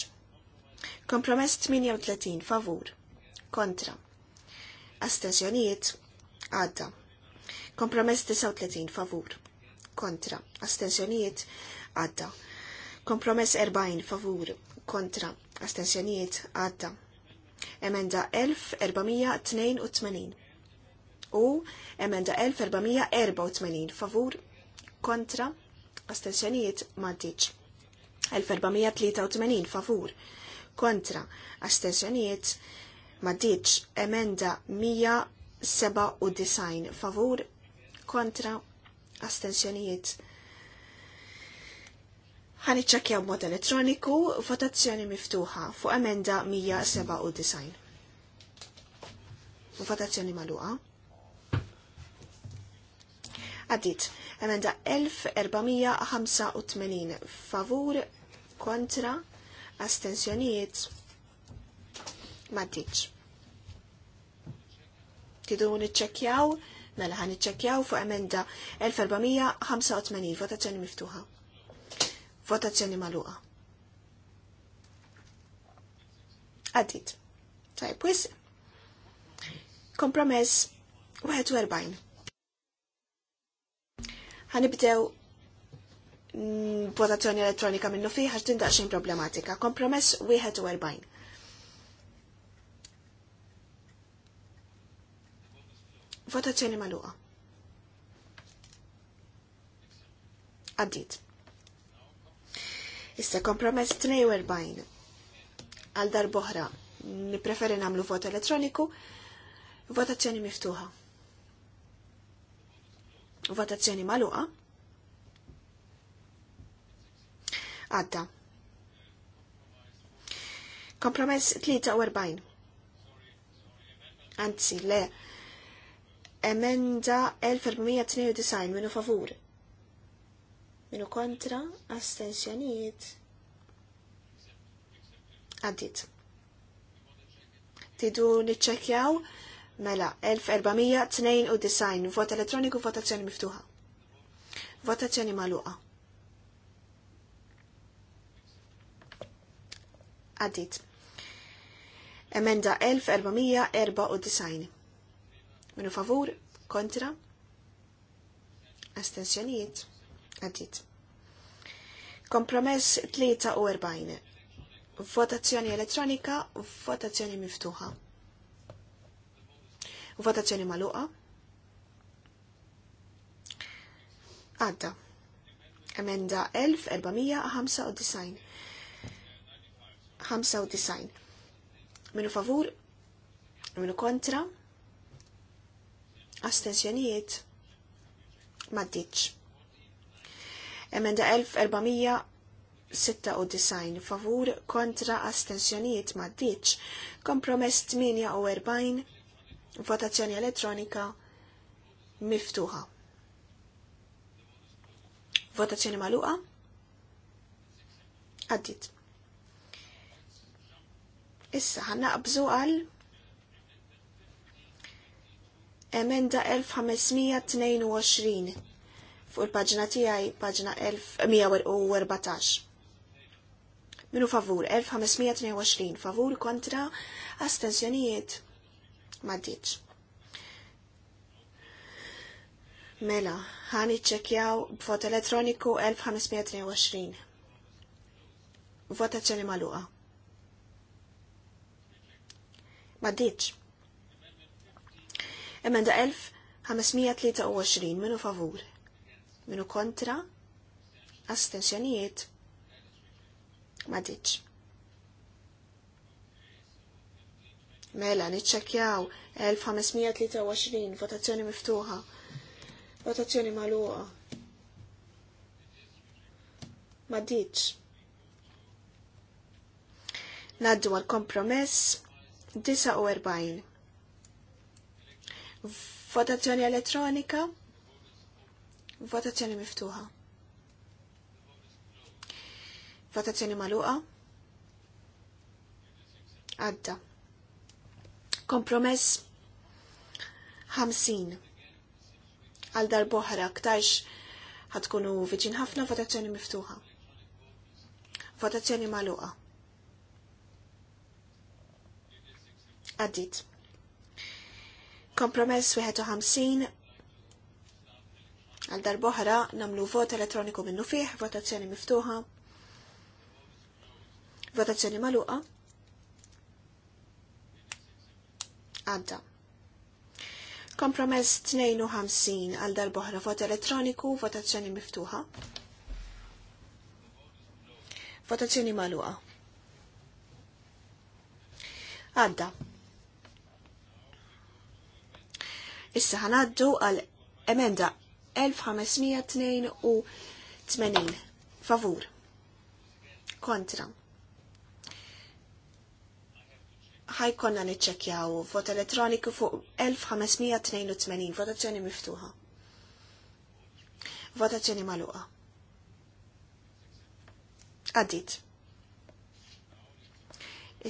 Kompromess 38 favur kontra. astensjonijiet għadda. Kompromess 39 favur kontra. astensjonijiet għadda. Kompromess 40 favur kontra. Astenzjonijiet għadda. Emenda 1482 u emenda 1484 favur kontra astensjonijiet maddiċ. 1483 favur kontra astensjonijiet diċ emenda 197 favur kontra astensjonijiet ħaniċċakjaw b'mod elettroniku votazzjoni miftuħa fuq emenda 197. Votazzjoni maluqa. Għaddit, emenda 1485 favur kontra astensjonijiet maddiċ. Tidu niċċekjaw, mela ħan niċċekjaw fuq emenda 1485 votazzjoni miftuħa. Votazzjoni maluqa. Għaddit. Tajb, wis. Kompromess 41. Ħanibdew votazzjoni elettronika minnu fi ħax din daqsxejn problematika. Kompromess 41. Votazzjoni magħluqa. Għaddit. Issa kompromess 42 għal darboħra nipreferi namlu vot elettroniku, votazzjoni miftuħa. Votazzjoni maluqa. għadda. Kompromess 43. Anzi, le. Emenda 1492 minu favur. Minu kontra astensjonijiet. Għaddit. Tidu nitċekjaw mela 1492 vot elettroniku votazzjoni miftuħa. Votazzjoni maluqa. għaddit. Emenda 1494. Minu favur, kontra, astensjonijiet, għaddit. Kompromess 43. Votazzjoni elettronika, votazzjoni miftuħa. Votazzjoni maluqa. Għadda. Emenda 1495. 95. Minu favur, minu kontra, astensjonijiet, maddiċ. Emenda 1496 favur kontra astensjonijiet maddiċ. Kompromess 48 votazzjoni elettronika miftuħa. Votazzjoni maluqa? Addit. Issa ħanna qabżu għal emenda 1522 fuq il pagġna tiegħi pagġna 1114. Minu favur 1522 favur kontra astensjonijiet maddiċ. Mela, ħan iċċekjaw b'vot elettroniku 1522. ċeni maluqa. ditx. Emenda 1523 minu favur. Minu kontra. Astensjonijiet. ditx. Mela, nitxekjaw 1523 votazzjoni miftuħa. Votazzjoni maluqa. ditx. Naddu għal kompromess 49. Votazzjoni elettronika. Votazzjoni miftuħa. Votazzjoni maluqa. Għadda. Kompromess 50. Għal darboħra ktax ħatkunu viċin ħafna votazzjoni miftuħa. Votazzjoni maluqa. għaddit. Kompromess 51 għal darboħra namlu vot elettroniku minnu fih, votazzjoni miftuħa, votazzjoni maluqa, għadda. Kompromess 52 għal darboħra vot elettroniku, votazzjoni miftuħa. Votazzjoni maluqa. Għadda. Issa ħanaddu għal emenda 1582 favur kontra. konna nitċekjaw vot elettroniku fuq 1582 votazzjoni miftuħa. Votazzjoni maluqa. Għaddit.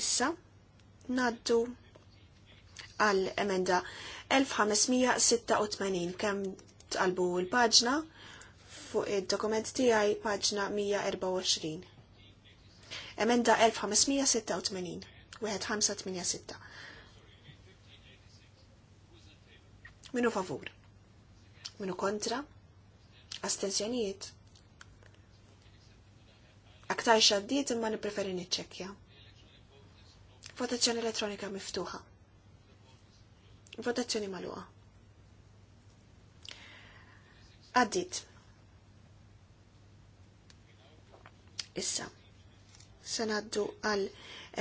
Issa, naddu għal emenda 1582 1586 kemm tqalbu l-paġna fuq id-dokument tiegħi paġna 124. Emenda 1586, 586. Minu favur. Minu kontra. Astenzjonijiet. Aktar xaddiet imma nipreferi niċċekkja. Votazzjoni elettronika miftuħa. Votazzjoni maluqa. Għaddit. Issa. Senaddu għal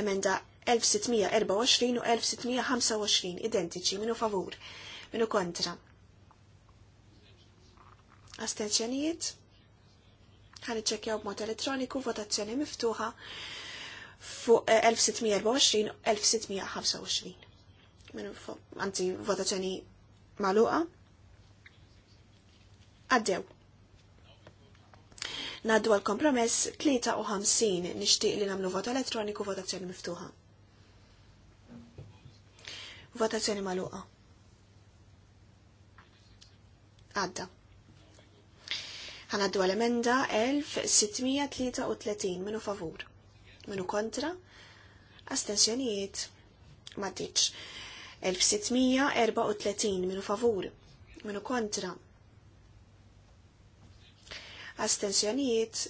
emenda 1624 u 1625 identiċi minu favur, minu kontra. Astenzjonijiet? Għan iċċekjaw b'mod elettroniku votazzjoni miftuħa fuq 1624 eh, u 1625 anzi votazzjoni maluqa. Għaddew. Naddu għal kompromess 53 nixtieq li nagħmlu vot elettroniku votazzjoni miftuħa. Votazzjoni maluqa. Għadda. Għanaddu għal-emenda 1633 minu favur. Minu kontra. Astensjonijiet. Matiċ. 1634 minu favur, minu kontra. Astensjoniet,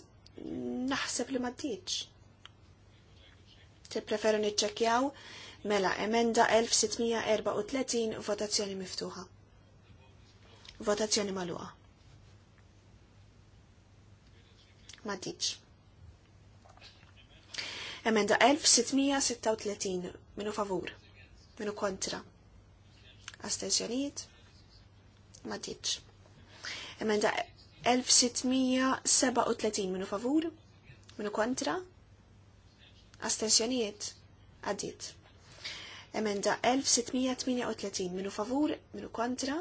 naħseb li maddiċ. Tippreferu nitċekjaw mela emenda 1634 votazzjoni miftuħa. Votazzjoni maluqa. Maddiċ. Emenda 1636 minu favur minu kontra. Astenzjoniet? ma tiċ. Emenda 1637 minu favur, minu kontra, astensjonijiet għaddit. Emenda 1638 minu favur, minu kontra,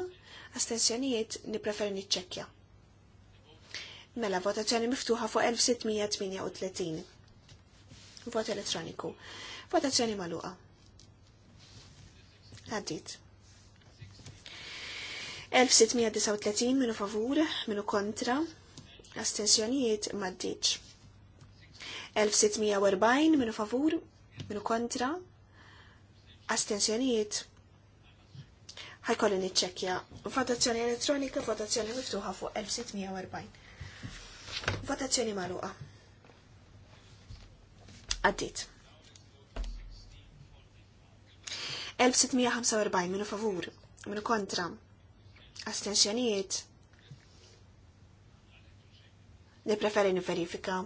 astensjonijiet nipreferi niċċekkja. Mela votazzjoni miftuħa fuq 1638. Vot elettroniku. Votazzjoni maluqa ħaddit. 1639 minu favur, minu kontra, astensjonijiet maddiċ. 1640 minu favur, minu kontra, astensjonijiet ħajkollin niċċekkja votazzjoni elettronika, votazzjoni miftuħa fuq 1640. Votazzjoni maluqa. Għaddit. 1645 minu favur, minu kontra. Astensjonijiet. Nipreferi verifika.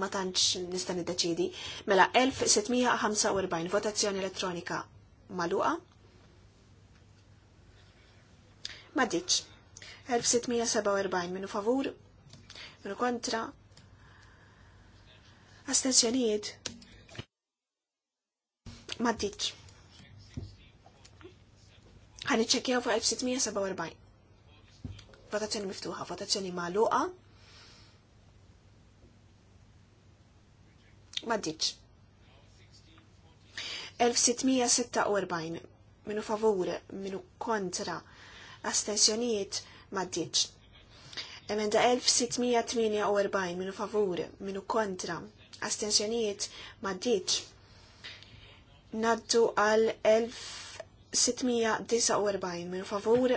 Ma tantx nista' niddeċidi. Mela 1645 votazzjoni elettronika maluqa. Ma ditx. 1647 minu favur, minu kontra. Astensjonijiet. Ma Għan iċċekjaw fuq 1647. Votazzjoni miftuħa, votazzjoni maluqa. Ma ddiċ. 1646 minu favur, minu kontra, astensjonijiet ma ddiċ. Emenda 1648 minu favur, minu kontra, astensjonijiet ma ddiċ. Naddu għal 1000 649 minn favur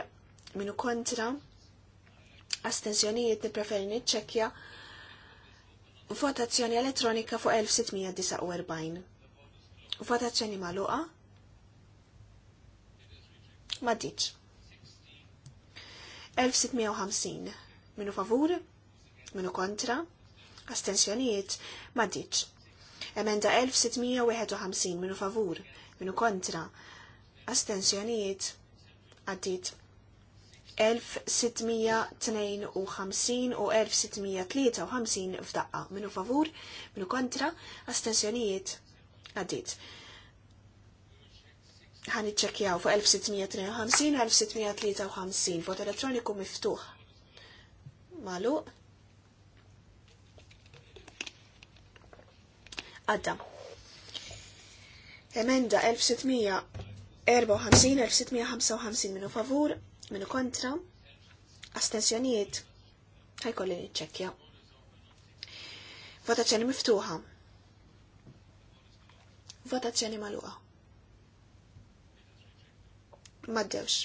minn kontra astenzjonijiet nipreferi niċċekkja votazzjoni elettronika fuq 1649. Votazzjoni maluqa ma diċ. 1650 minu favur, minu kontra, Astenzjonijiet? ma diċ. Emenda 1651 minu favur, minu kontra, astensjonijiet għaddit 1652 u 1653 f'daqqa minu favur, minu kontra, astensjonijiet għaddit. Għan iċċekjaw fuq 1653 u 1653 vot elettroniku miftuħ. Malu. Għadda. Emenda 1600 54,655 minu favur, minu kontra, astensjonijiet, kolli nċekja. Votazzjoni miftuħa. Votazzjoni maluqa. Maddewx.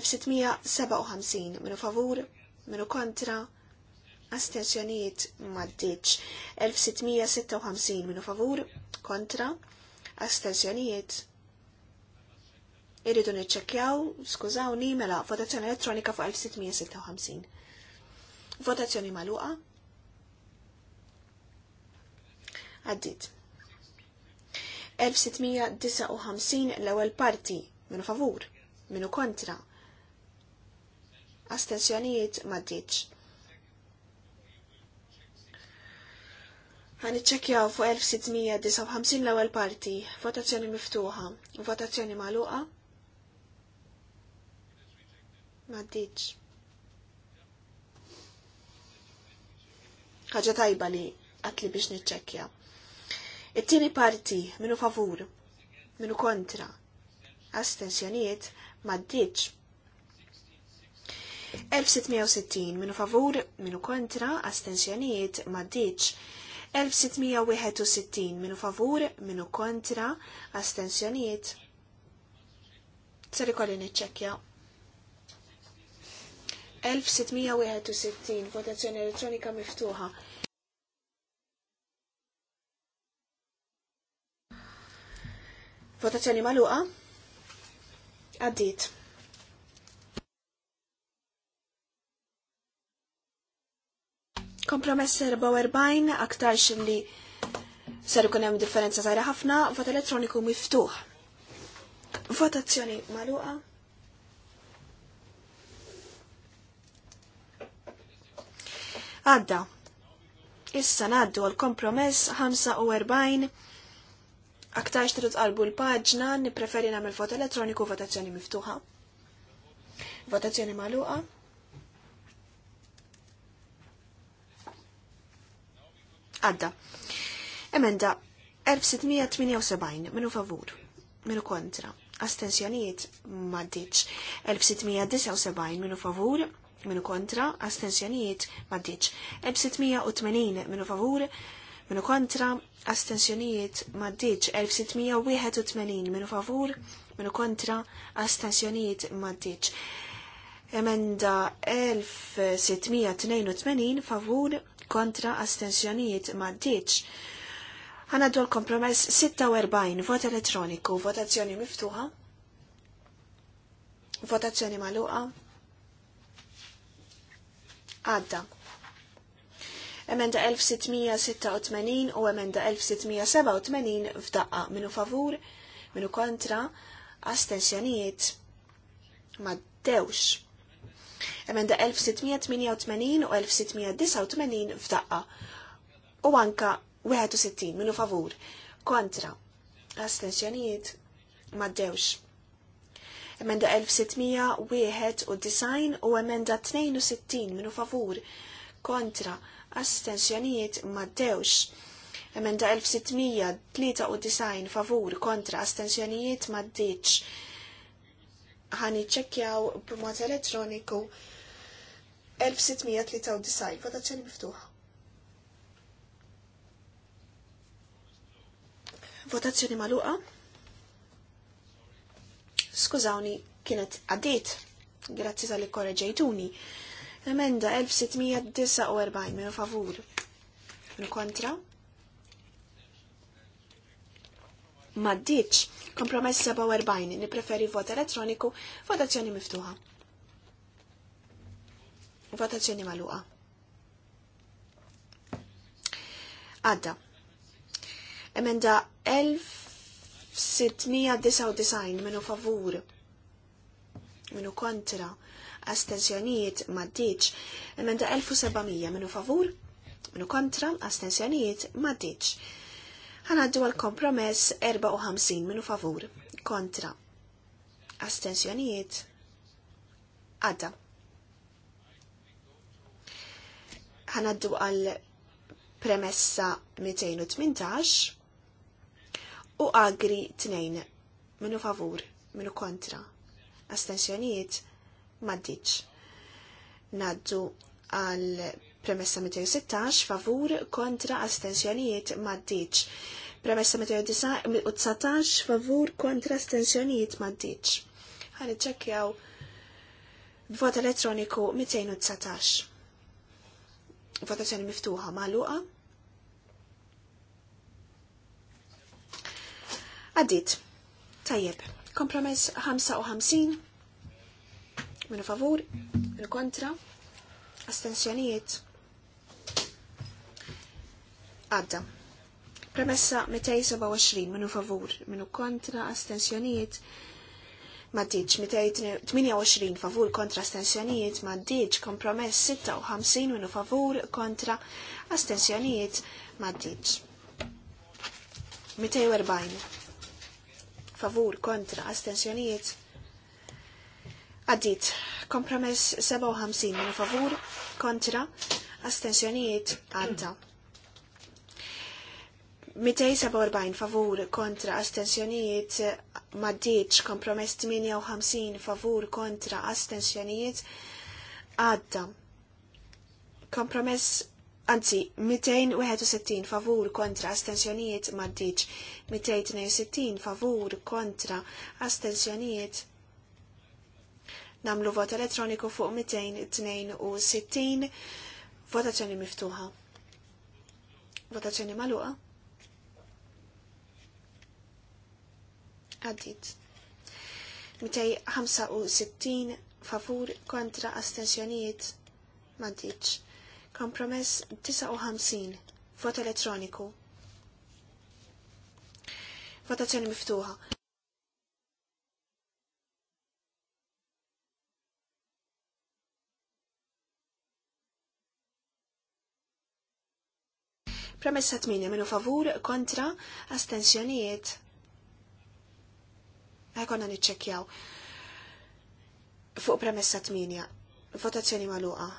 1657 minu favur, minu kontra, astensjoniet maddiċ. 1656 minu favur, kontra, astensjonijiet irridu niċċekjaw, skużawni, mela, votazzjoni elettronika fuq 1656. Votazzjoni maluqa. Għaddit. 1659 l-ewwel parti minu favur, minu kontra. Astensjonijiet maddiċ. Għaniċċekjaw fuq 1659 l-ewwel parti, votazzjoni miftuħa, votazzjoni maluqa. Maddiċ. ħaġa tajba li għatli biex nitċekja. It-tieni parti minu favur, minu kontra, astensjonijiet maddiċ. 1660 minu favur, minu kontra, astensjoniet maddiċ. 1661 minu favur, minu kontra, astensjonijiet. Sari kolli nitċekja. 1661, votazzjoni elettronika miftuħa. Votazzjoni maluqa? Għaddit. Kompromess 44, aktar li seru kunem hemm differenza zaħra ħafna, vot elettroniku miftuħ. Votazzjoni maluqa? Għadda. Issa naddu għal-kompromess 45 aktarx trid qalbu l-paġna, nippreferi nagħmel vot elettroniku votazzjoni miftuħa. Votazzjoni magħluqa. Għadda. Emenda 1678 minu favur, minu kontra. Astensjonijiet maddiċ 1679 minu favur, minu kontra, astensjonijiet maddiċ. Eb 680 minu favur, minu kontra, astensjonijiet maddiċ. 681 minu favur, minu kontra, astensjonijiet maddiċ. Emenda 1682 favur, kontra, astensjonijiet maddiċ. Għanaddu l-kompromess 46, vot elettroniku, votazzjoni miftuħa, votazzjoni maluqa, għadda. Emenda 1686 u emenda 1687 f'daqqa minu favur, minu kontra, astensjonijiet dewx. Emenda 1688 u 1689 f'daqqa u anka 61 minu favur, kontra, astensjonijiet dewx emenda 1600 u design u emenda 62 minu favur kontra astensjonijiet maddewx. Emenda 1693 favur kontra astensjonijiet maddiċ. Ħani ċekjaw b'mod elettroniku 1693 votazzjoni miftuħa. Votazzjoni maluqa? Skużawni, kienet għaddit. Grazzi tal-li korreġejtuni. Emenda 1649 minn favur. minn kontra? Maddiċ, kompromess 47, nipreferi vot elettroniku, votazzjoni miftuħa. Votazzjoni maluqa. Għadda. Emenda 1000 699 minu favur minu kontra astensjonijiet maddiċ da 1700 minu favur minu kontra astensjonijiet maddiċ ħanaddu għal kompromess 54 minu favur kontra astensjoniet għadda ħanaddu għal premessa 218 u agri tnejn minu favur, minu kontra. Astensjonijiet maddiċ. Naddu għal premessa 216 favur kontra astensjonijiet maddiċ. Premessa 219 favur kontra astensjonijiet maddiċ. Għan iċċekjaw vot elettroniku 219. Votazzjoni miftuħa maluqa. Għaddit. Tajjeb. Kompromess 55. Minu favur, minu kontra, astensjonijiet. Għadda. Premessa 227 minu favur, minu kontra, astensjonijiet. Maddiċ 228 favur kontra astensjonijiet, maddiċ kompromess 56 minu favur kontra astensjonijiet, maddiċ. 240 favur kontra astensjonijiet għaddit kompromess 57 minu favur kontra astensjonijiet għadda 247 favur kontra astensjonijiet maddiċ kompromess 58 favur kontra astensjonijiet għadda kompromess Anzi, 261 favur kontra astensjonijiet maddiċ, 262 favur kontra astensjonijiet namlu vot elettroniku fuq 262 votazzjoni miftuħa. Votazzjoni maluqa? Għaddit. 265 favur kontra astensjonijiet maddiċ. Kompromess 59. Vot elettroniku. Votazzjoni miftuħa. Premessa 8 minu favur kontra astensjonijiet. Għakonna nitċekjaw. Fuq premessa 8. Votazzjoni maluqa.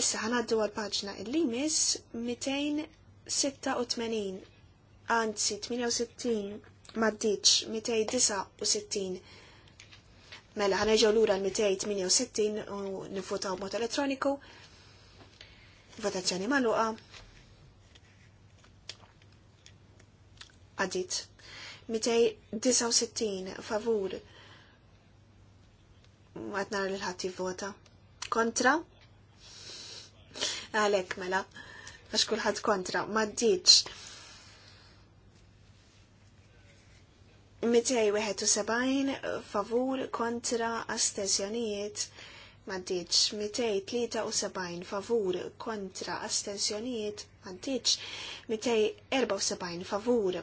Issa ħanaddu għal-paġna il-limis 286, anzi 68, maddiċ 269. Mela ħana lura l-268 u nifutaw mod elettroniku. Votazzjoni maluqa. Għadit. 269 favur. għatnar l-ħati vota. Kontra għalek mela, għax kullħat kontra, ma u 271 favur kontra astensjonijiet ma u 273 favur kontra astensjonijiet ma ddiċ 274 favur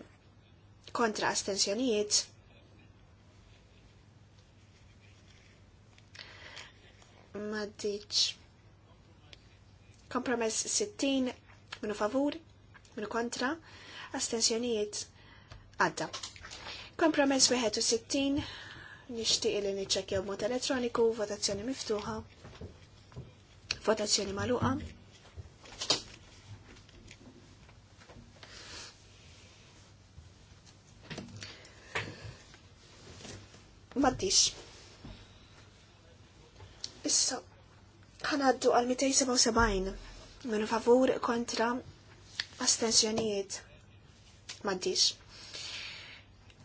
kontra astensjonijiet ma ddiċ Kompromess 60 minu favur, minu kontra, astensjonijiet għadda. Kompromess 61 nixtieq li niċċekkjaw mod elettroniku, votazzjoni miftuħa, votazzjoni magħluqa. Maddix. Issa, ħanaddu għal 277 minn favur kontra astensjonijiet maddix.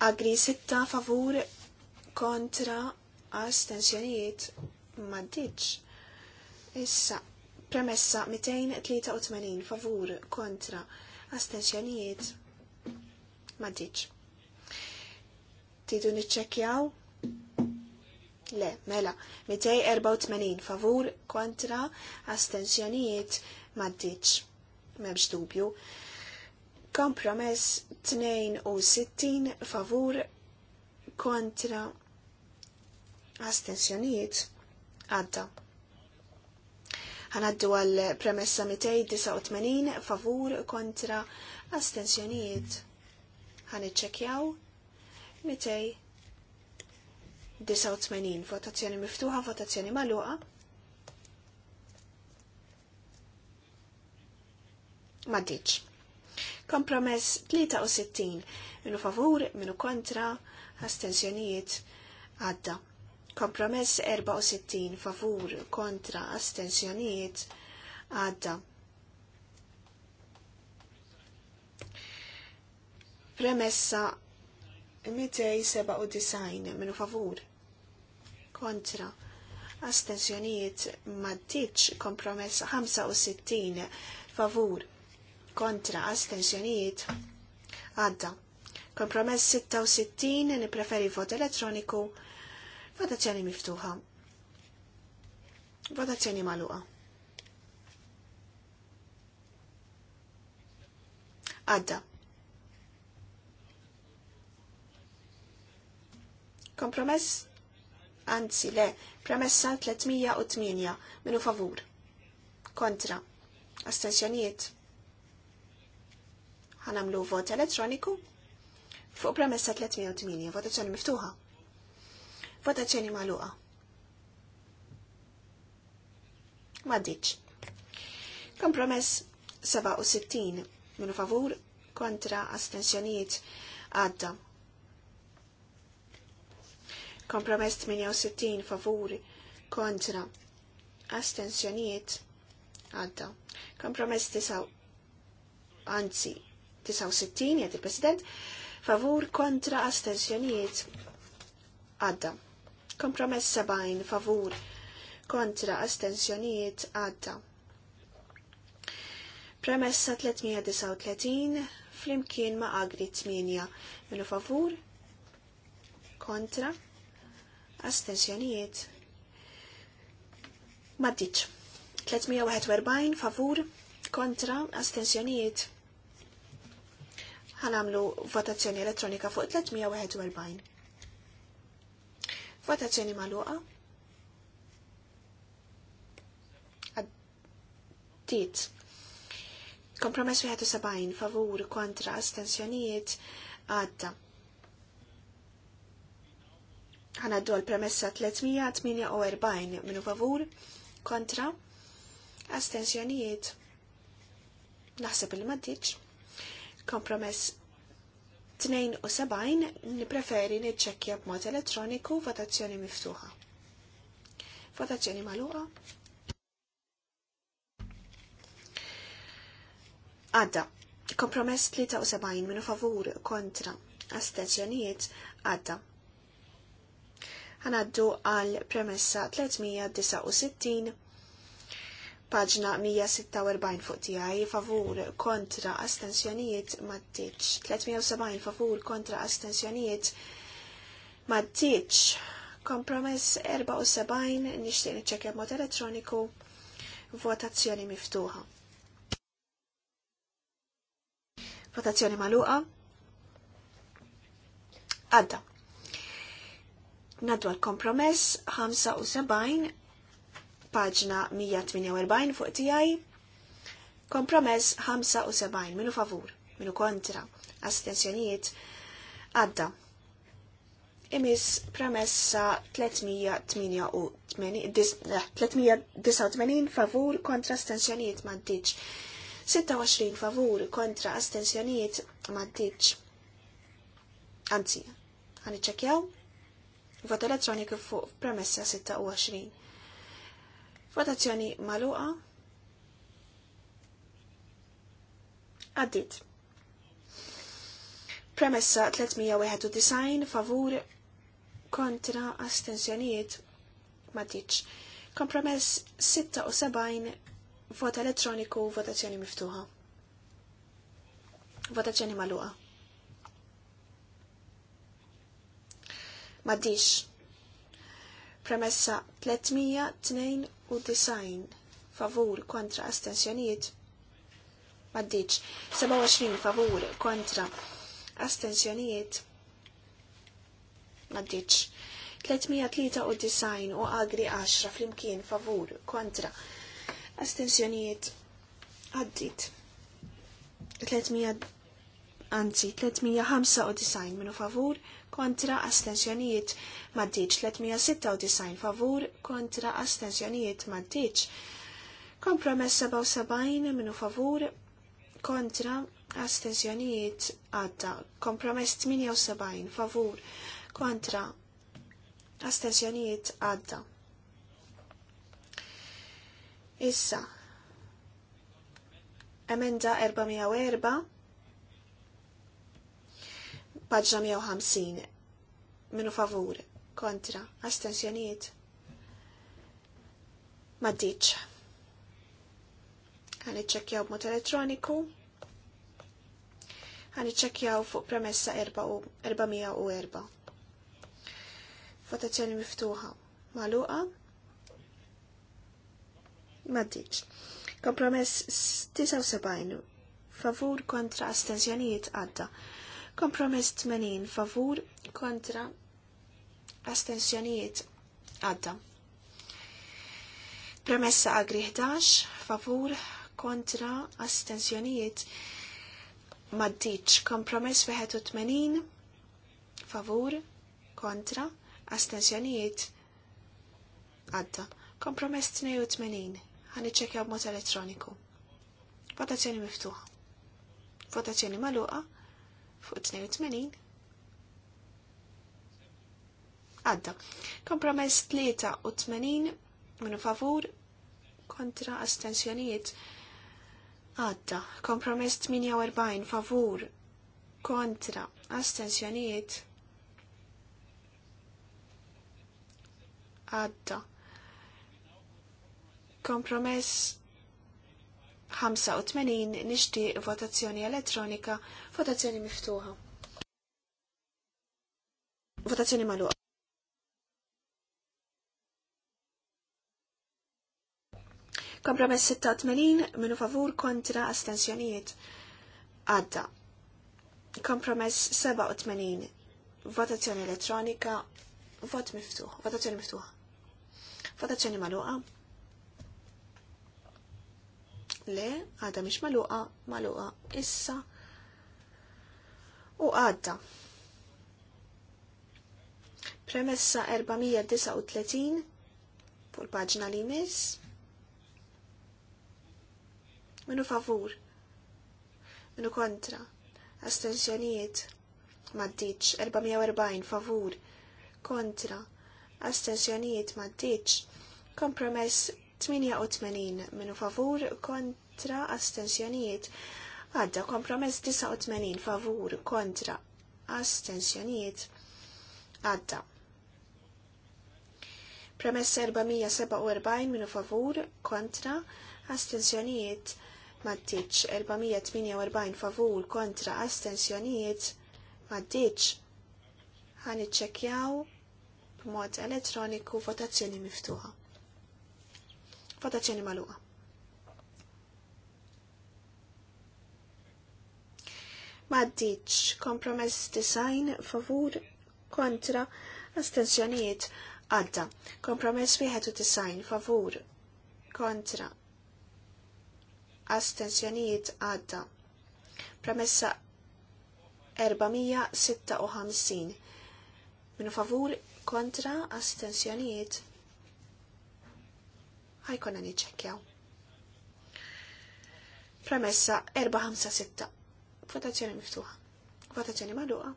Agri 6 favur kontra astensjonijiet maddix. Issa, premessa 283 favur kontra astensjonijiet maddix. Tidu niċċekjaw Le, mela, 284 favur kontra astensjonijiet maddiċ. Mebx dubju. Kompromess 62 favur kontra astensjonijiet għadda. Għanaddu għal premessa 289 favur kontra astensjonijiet. Għanitċekjaw 289. 89, votazzjoni miftuħa, votazzjoni maluqa. Maddiċ. Kompromess 63, minu favur, minu kontra, astensjonijiet, għadda. Kompromess 64, favur, kontra, astensjonijiet, għadda. Premessa 297 minu favur kontra astensjoniet maddiċ kompromess 65 favur kontra astensjoniet għadda. Kompromess 66 nipreferi vot elettroniku votazzjoni miftuħa. Votazzjoni maluqa. Għadda. Kompromess, anzi le, premessa 308 minu favur. Kontra. Astensjonijiet. Ħanamlu vot elettroniku fuq premessa 308, votazzjoni miftuħa. Votazzjoni maluqa. Maddiċ. Kompromess 67 minu favur kontra astensjonijiet għadda. Kompromess 68 favuri kontra astensjonijiet għadda. Kompromess 9 anzi 69 jgħid il-President favur kontra astensjonijiet għadda. Kompromess 70 favur kontra astensjonijiet għadda. Premessa 339 flimkien ma' agri 8 minu favur kontra astensjonijiet maddiċ. 341 favur kontra astensjonijiet Għanamlu votazzjoni elettronika fuq 341. Votazzjoni maluqa. Għaddit. Kompromess 71 favur kontra astensjonijiet għadda ħanaddu l-premessa 348 minu favur kontra astensjonijiet naħseb il maddiċ kompromess 72 nipreferi niċċekkja b'mod elettroniku votazzjoni miftuħa. Votazzjoni maluqa. Għadda, kompromess 73 minu favur kontra astensjonijiet għadda ħanaddu għal premessa 369 paġna 146 fuq tiegħi favur kontra astensjonijiet mat-tiċ. 370 favur kontra astensjonijiet mat-tiċ. Kompromess 74 nixtieq niċċekkja mod elettroniku votazzjoni miftuħa. Votazzjoni maluqa. Għadda. Nadwa l kompromess 75, paġna 148 fuq tijaj. Kompromess 75, minu favur, minu kontra, astensjonijiet, għadda. Imis promessa 389 eh, favur kontra astensjonijiet maddiċ. 26 favur kontra astensjonijiet maddiċ. Anzi, ċekjaw? vot elettroniku fuq premessa 26. Votazzjoni maluqa. Addit. Premessa 391 favur kontra astensjonijiet matiċ. Kompromess 76 vot elettroniku votazzjoni miftuħa. Votazzjoni maluqa. Maddix. Premessa 392 favur kontra astensjonijiet. Maddiċ 27 favur kontra astensjonijiet. Maddiċ 393 u agri 10 flimkien favur kontra astensjonijiet. Għaddit. 300 anzi 395 minu favur kontra astenzjonijiet maddiċ 396 favur kontra astenzjonijiet maddiċ. Kompromess 77 minu favur kontra astenzjonijiet għadda. Kompromess 78 favur kontra astenzjonijiet għadda. Issa, emenda 404 Paġġa 150. Minu favur. Kontra. diċ għani ċekjaw b b'mod elettroniku. għani ċekjaw fuq premessa 404. Votazzjoni miftuħa. Maluqa. diċ Kompromess 79. Favur kontra astensjoniet għadda. Kompromess 80 favur kontra astensjonijiet għadda. Premessa agri 11 favur kontra astensjonijiet maddiċ. Kompromess 81 favur kontra astensjonijiet għadda. Kompromess 82 ċekja iċċekja mot elettroniku. Votazzjoni miftuħa. Votazzjoni maluqa fuq 82 għadda. Kompromess 83 minu favur kontra astensjonijiet għadda. Kompromess 48 favur kontra astensjonijiet għadda. Kompromess 85 nixtieq votazzjoni elettronika Votazzjoni miftuħa. Votazzjoni magħluqa. Kompromess 86 minu favur kontra astensjonijiet. Għadda. Kompromess 87. Votazzjoni elettronika. Vot miftuħ. Votazzjoni miftuħa. Votazzjoni magħluqa. Le, għadda mhix magħluqa, magħluqa issa u għadda. Premessa 439 fuq il-paġna li mis, Minu favur. Minu kontra. Astensjonijiet. Maddiċ. 440 favur. Kontra. Astensjonijiet maddiċ. Kompromess 88 minu favur kontra astensjonijiet Għadda kompromess 89 favur kontra astensjonijiet. Għadda. Premess 447 minu favur kontra astensjonijiet. Maddiċ 448 favur kontra astensjonijiet. Maddiċ. Għaniċċekjaw b'mod elettroniku votazzjoni miftuħa. Votazzjoni maluqa. maddiċ kompromess design favur kontra astensjonijiet għadda. Kompromess wieħed u design favur kontra astensjonijiet għadda. Premessa 456 minu favur kontra astenzjonijiet ħajkonna niċekjaw. Premessa 456 Votazzjoni miftuħa. Votazzjoni magħluqa.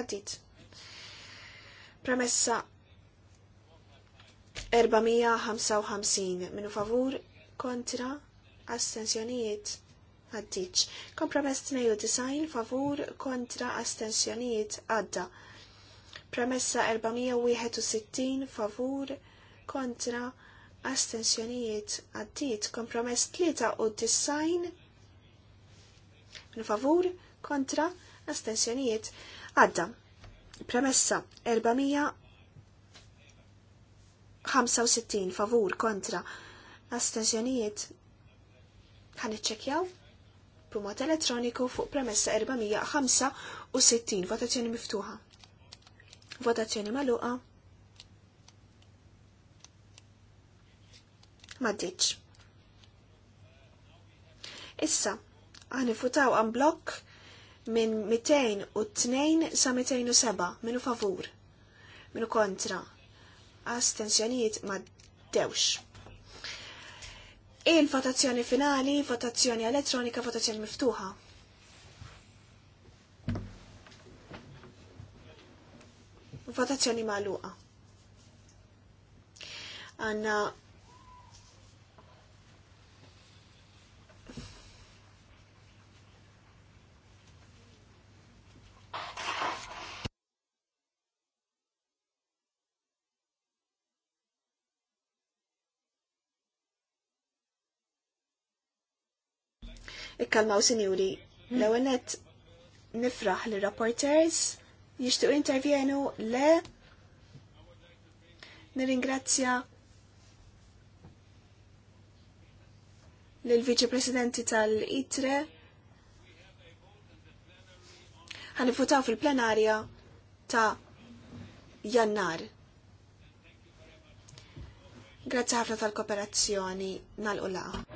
Għaddit. Premessa 455 minu favur kontra astensjonijiet għaddiċ. Kompromess 92 favur kontra astensjonijiet għadda. Premessa 461 favur kontra astensjonijiet għaddit kompromess tlieta u minn favur kontra astensjonijiet għadda. Premessa 465 favur kontra astensjonijiet ħan iċċekjaw b'mod elettroniku fuq premessa 465 votazzjoni miftuħa. Votazzjoni maluqa. ma ditx. Issa, futaw għan blok minn 202 sa 207 minu favur, minu kontra, astensjonijiet ma dewx. Il-votazzjoni finali, votazzjoni elettronika, votazzjoni miftuħa. Votazzjoni maluqa. Għanna ikkalmaw sinjuri. L-ewwel nifraħ li rapporters jixtiequ intervjenu le nirringrazzja lill viċi Presidenti tal-ITRE ħanifutaw fil-plenarja ta' jannar. Grazzi ħafna tal-kooperazzjoni nal-ulaqa.